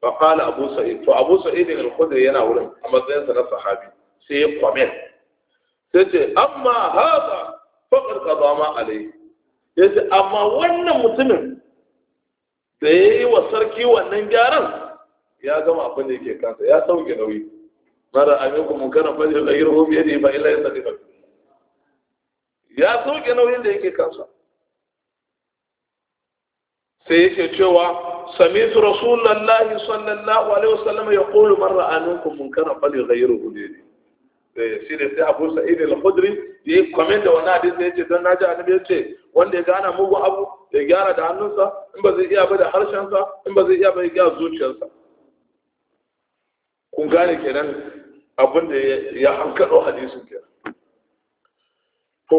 faƙala abu sa'id to abu sa'id ne al-khudri yana wurin a matsayinsa na sahabi sai ya kwame. sai ce amma haza faƙar ƙaba ma alai ya ce amma wannan mutumin da ya yi wa sarki wannan gyaran ya gama abin da yake kansa ya sauke nauyi mara amin kuma kana fadi da yi rahobi ya ne ba ila ya sadi ya sauke nauyin da yake kansa sai yake cewa Sallallahu سمعت رسول الله صلى الله عليه وسلم yi من رأى ne sai فليغيره sai abu أبو سعيد الخدري ya yi da wani hadisi ya ce don na ji annabi ya ce wanda ya gana mugun abu ya gyara da hannunsa in ba zai iya ba da harshensa in ba zai iya ba ya gyara zuciyarsa kun gane kenan abin da ya hankalo hadisin kenan to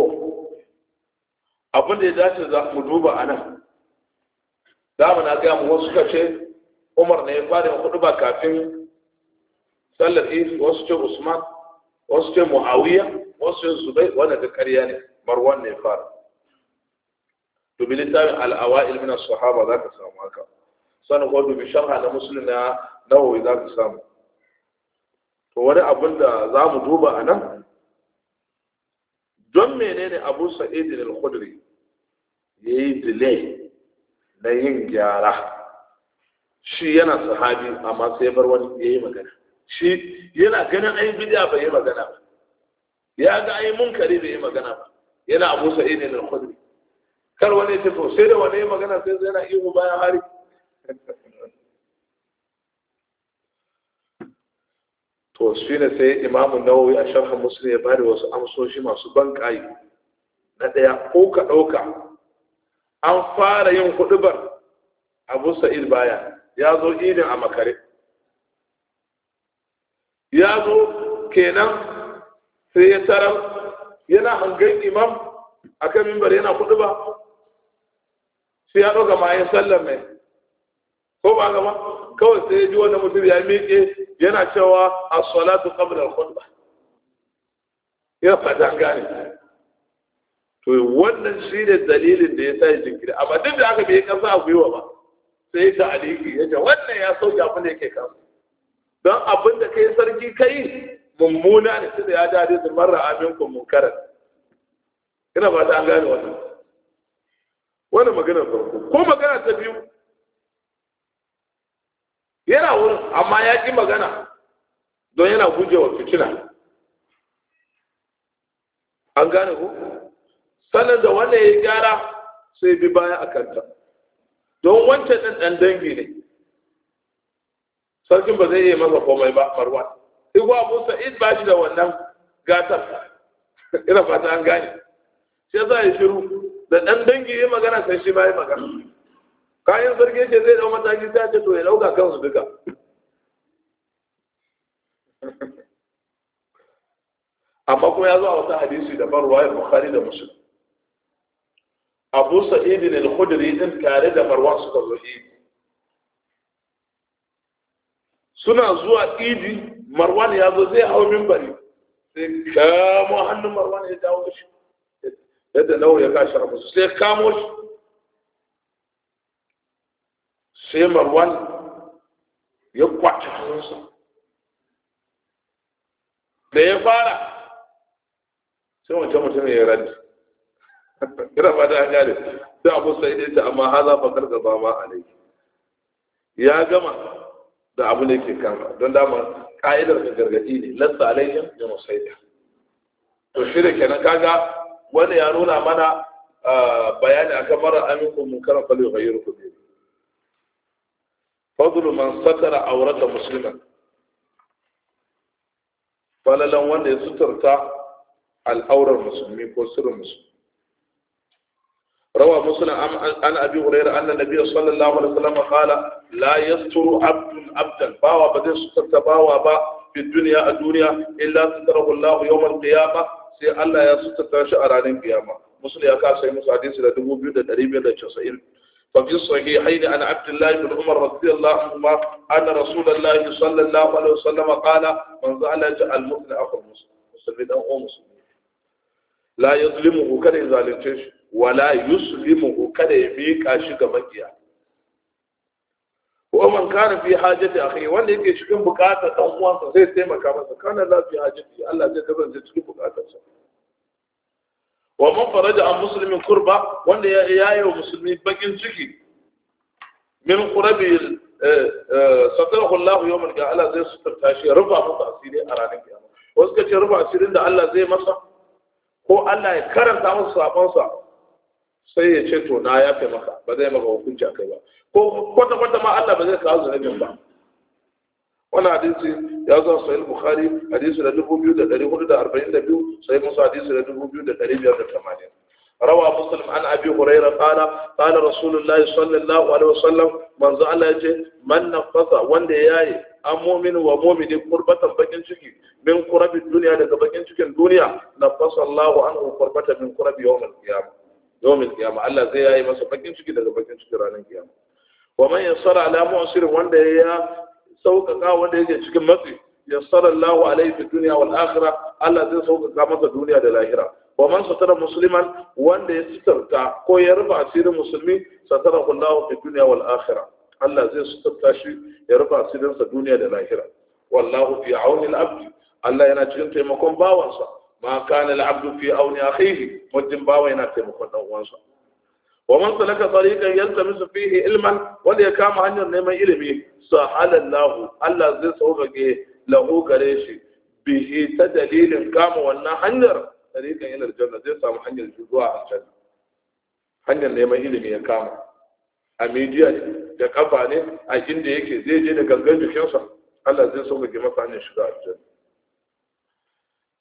abin da ya dace za mu duba a nan mu na gaya mu wasu suka ce umar ne ya fara hudu ba kafin sallar wasu ce usman wasu ce muawiya wasu ce zubai wanda ga ƙarya ne marwan ne fara dubi littafin al'awa'il min as-sahaba zaka samu haka Sani ko dubi sharha na muslim na nawawi ka samu to wani abin da za mu duba a nan don menene abu Sa'id al-khudri ya yi delay na yin gyara shi yana sahabi amma sai bar wani ya yi magana shi yana ganin ai bid'a bai yi magana ba ya ga ai munkari bai yi magana ba yana Abu ne na kudi kar wani ya tafi sai da wani magana sai zai na ihu bayan hari to shi ne sai imamu nawawi a sharhan muslim ya da wasu amsoshi masu ban ƙayi na ɗaya ko ka ɗauka an fara yin huɗubar abu sa'id baya ya zo idin a makare ya zo kenan sai ya tarar yana hangen imam a kan mimbar yana kudu ba sai ya ɗauka ma sallar mai ko ba gaba kawai sai ya ji wani mutum ya miƙe yana cewa a salatu kamar al ba. ya fata gane to wannan shi ne dalilin da ya sa jinkiri amma duk da aka bai kasa a gwiwa ba sai ta aliki ya ce wannan ya sauya abin da yake kasa don abin da yi sarki kai mummuna ne da ya dade su marar amin ku munkaran ina ba ta an gane wannan Wani magana farko ko magana ta biyu yana wurin amma ya ƙi magana don yana gujewa fitina an gane ku sannan da wannan ya gyara sai bi baya a kanta don wancan ɗan dangi ne sarkin ba zai iya masa komai ba marwan sai ko abu sa'id ba shi da wannan gatar ina fata an gane shi yasa ya shiru da dan dangi ya magana sai shi ba ya magana kayan sarki ce zai dau mataki sai ce to ya dauka kansu duka amma kuma ya zo a wata hadisi da ban ya bukhari da muslim abu sa'id al-khudri din tare da marwan suka zo yi. suna zuwa idi marwan ya zo zai hau mimbari sai kamo hannun marwan ya dawo shi yadda nawa ya kashi rabu sai kamo shi sai marwan ya kwace hannunsa da ya fara sai wancan mutum ya radi ina ba da gane da abu sai dai ta amma haza bakar gaba ma a ya gama da abu ne ke kama, don dama ka'idar da gargadi ne lasta alayyan da musaita to shi da kenan kaga wani ya nuna mana bayani a akan mara kara munkaran fal yughayyirukum bi fadulu man satara aurata musulman. falalan wanda ya suturta al'aurar musulmi ko sirrin musulmi روى مسلم عن أبي هريرة أن النبي صلى الله عليه وسلم قال لا يستر عبد عبدا باوى بدين ستر باوى با في الدنيا الدنيا إلا ستره الله يوم القيامة سي الله يا ستر شعران القيامة مسلم يا كاسي مسلم حديث إلى دمو بيو دريبين لجسائل ففي الصحيحين عن عبد الله بن عمر رضي الله عنهما أن رسول الله صلى الله عليه وسلم قال من زعل جعل مسلم أخو مسلم مسلم أو مسلم لا يظلمه كان يظالم wala yuslimu kada ya mika shi ga makiya wa man kana fi hajati akhi wanda yake cikin bukatar dan uwansa zai taimaka masa kana la fi hajati Allah zai kasance cikin bukatar sa wa man faraja an muslimin qurba wanda ya yayo wa bakin ciki min qurabi eh, eh, satarahu Allah yawm al-qiyamah Allah zai sutarta shi rufa masa asiri a ranar kiyama wasu ka ce rufa asirin da Allah zai masa ko Allah ya karanta masa sa. sai ya ce to na ya maka ba zai maka hukunci a kai ba ko kwata-kwata ma Allah ba zai kawo zunubin ba wani hadisi ya zo sahih bukhari hadisi da 2442 sai musu hadisi da 2580 rawa muslim an abi hurairah qala qala rasulullahi sallallahu alaihi wasallam manzo Allah yace man nafasa wanda yayi amumin wa muminin qurbatan bakin ciki min qurabi dunya daga bakin cikin duniya nafasa an anhu qurbatan min qurabi yawm al-qiyamah yawmin kiyama. Allah zai yayi masa bakin ciki daga bakin ciki ranar kiyama wa man yassara ala mu'sir wanda ya sauƙaƙa wanda yake cikin matsi yassara Allahu alaihi fi dunya wal akhirah Allah zai sauƙaƙa masa duniya da lahira wa man satara musliman wanda ya sitarta ko ya rufe asirin musulmi satara Allahu fi dunya wal akhirah Allah zai sitarta shi ya rufe asirin sa duniya da lahira wallahu fi auni al-abd Allah yana cikin taimakon bawansa ma kana al-abdu fi auni akhihi mutum bawa yana taimakon dan uwansa wa man salaka tariqan yaltamisu fihi ilman wanda ya kama hanyar neman ilimi sahala Allah Allah zai sauƙaƙe lahu gare shi bihi ta dalilin kama wannan hanyar tariqan ila aljanna zai samu hanyar zuwa aljanna hanyar neman ilimi ya kama a media ne da kafa ne a inda yake zai je da gangan jikinsa Allah zai sauƙaƙe masa hanyar shiga aljanna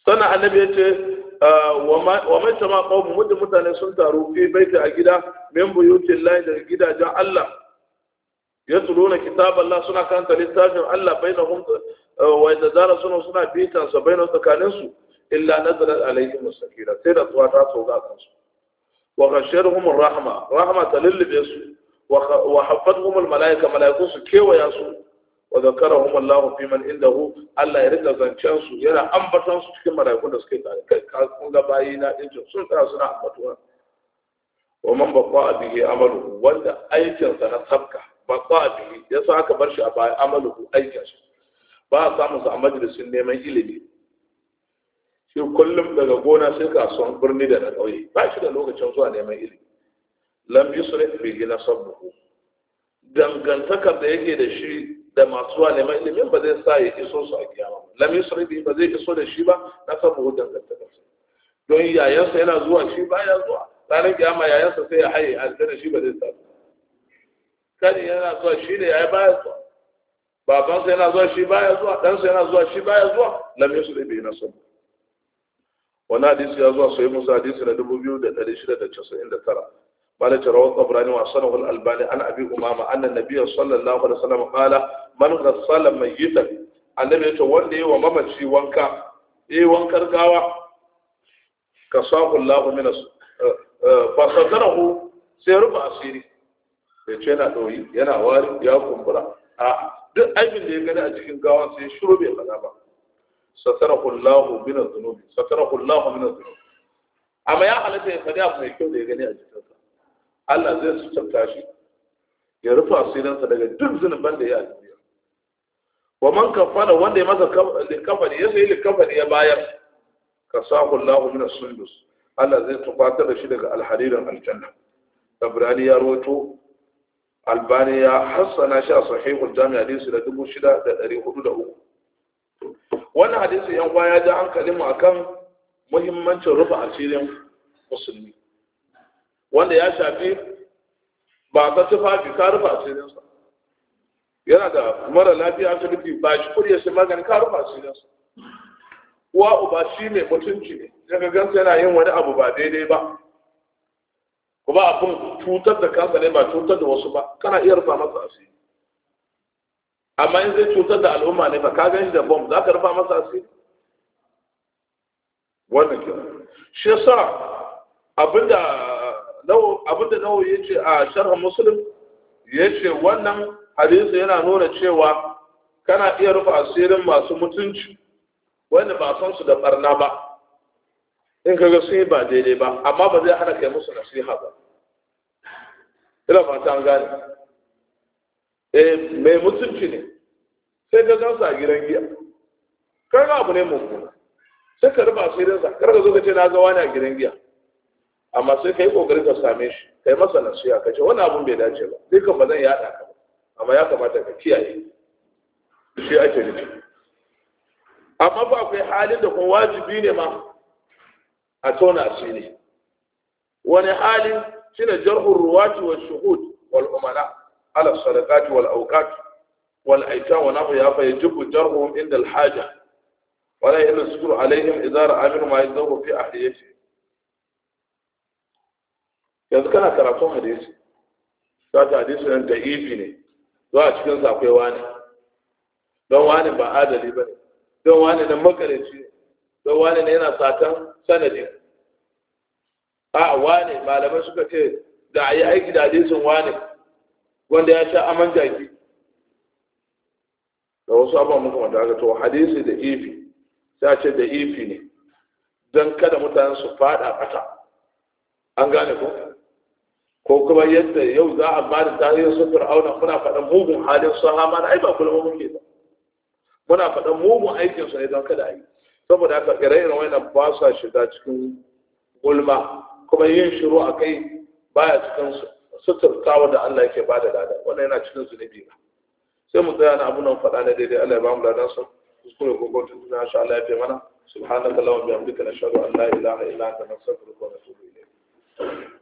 sana annabi ce, ah, wa man tama qawmu mudda mutane sun taru fi baiti a gida min buyutin lahi daga gidajen Allah yatluna kitab Allah suna karanta littafin Allah bainahum ah, wa yatazara suna suna bitan sa bainahum tsakanin su illa nazalat alaihim sakina sai da tsuwa ta sauka kansu wa ghashirhum rahma rahma talilbe su wa haffathum al malaika malaiku su kewaya su wa zakarahum Allah fi man indahu Allah ya rika zancen su yana ambatan su cikin malaiku da suke tare kai kun ga bayi na injin. sun tsara suna ambatuwa wa man baqa bihi amalu wanda aikin sa na sabka baqa bihi yasa aka bar shi a baya amalu aikin shi ba a samu sa a majalisin neman ilimi shi kullum daga gona sai ka son birni da na ƙauye ba shi da lokacin zuwa neman ilimi lam yusrif bihi nasabuhu dangantakar da yake da shi da masu wa neman ilimin ba zai sa ya iso su a kiyama ba lam yusri ba zai iso da shi ba na saboda su don yayansa yana zuwa shi baya zuwa ranar kiyama yayansa sai ya haye da shi ba zai samu kani yana zuwa shi ne yayi baya zuwa babansa yana zuwa shi baya zuwa ɗansa yana zuwa shi baya zuwa lam yusri bi nasab wani hadisi ya zuwa sai musa hadisi na dubu biyu da ɗari shida da casa'in da tara قال جروى الطبراني وصنه الألباني عن أبي أمامة أن النبي صلى الله عليه وسلم قال من غسل ميتا النبي يتولي وممشي وانكا إيه وانكر قاوة كصاه الله من فصدره سيرب أسيري yace yana ɗoyi yana wari ya kumbura duk aikin da ya gani a cikin gawa sai shiro bai faɗa ba satarahu Allahu min az-zunubi satarahu Allahu min az-zunubi amma ya halatta ya faɗi abu mai kyau da ya gani a cikin sa Allah zai sutunta shi ya rufe asirinsa daga duk zunuban da ya duniya wa man kafara wanda ya masa likafani ya sayi likafani ya bayar ka sahu Allah min as-sundus Allah zai tufatar da shi daga al aljanna Tabrani ya roto Albani ya hassana shi a sahihul jami' hadisi da 6403 wannan hadisi yan ya ji hankalin mu akan muhimmancin rufe asirin musulmi wanda ya shafi ba ta tufafi ka rufa asirinsa yana da mara lafiya rufi ba shi kuri ya shi magani ka rufa asirinsa uwa uba shi ne mutunci ne daga gansa yana yin wani abu ba daidai ba kuma abin cutar da kansa ne ba cutar da wasu ba kana iya rufa masa asiri amma in zai cutar da al'umma ne ba ka gan shi da bom za ka rufa masa asiri wannan kira shi yasa abinda abinda nawo ya ce a sharh muslim ya ce wannan hadisi yana nuna cewa kana iya rufe asirin masu mutunci wanda ba san su da barna ba in kaga sun yi ba daidai ba amma ba zai hana kai musu nasiha ba ina fata an gane eh mai mutunci ne sai ka gansa a gidan giya kaga abu ne mummuna sai ka rufe asirinsa kar ka zo ka ce na ga wani a gidan giya amma sai ka yi ƙoƙarin ka same shi ka yi masa nasiha ka ce wani abun bai dace ba sai kan ba zan yaɗa ka amma ya kamata ka kiyaye shi ake nufi amma ba akwai halin da kuma wajibi ne ma a tona asiri wani hali shine jarhun ruwati wa shuhud wal umara ala sadaqati wal awqat wal aita wa nahu ya fa yajibu jarhum inda al haja wala yanzuru alaihim idara ra'a ma yadhuru fi ahliyatihi yanzu kana karatun hadisi za ta hadisi nan da ifi ne zuwa a cikin sa akwai wani don wani ba adali ba ne don wani na makarici ne don wani ne yana satan sanadi a wani malamai suka ce da a yi aiki da hadisin wani wanda ya sha aman jaki da wasu abubuwan muka wanda aka to hadisi da ifi Ya ce da ifi ne don kada mutane su fada kata an gane ko ko kuma yadda yau za a bada tarihin su fir'auna muna faɗan mugun halin su ha mana ai ba ku ba muke ba muna faɗan mugun aikin su ne don kada a yi saboda haka ire-iren wannan ba sa shiga cikin gulma kuma yin shiru a kai baya cikin suturtawa da Allah yake ba da lada wannan yana cikin zunubi ba sai mu tsaya na nan faɗa na daidai Allah ya ba mu da nasu kuskure ko gwamnati tuna sha Allah ya fi mana subhanaka lahum bihamdika nashhadu an la ilaha illa anta nastaghfiruka wa natubu ilayk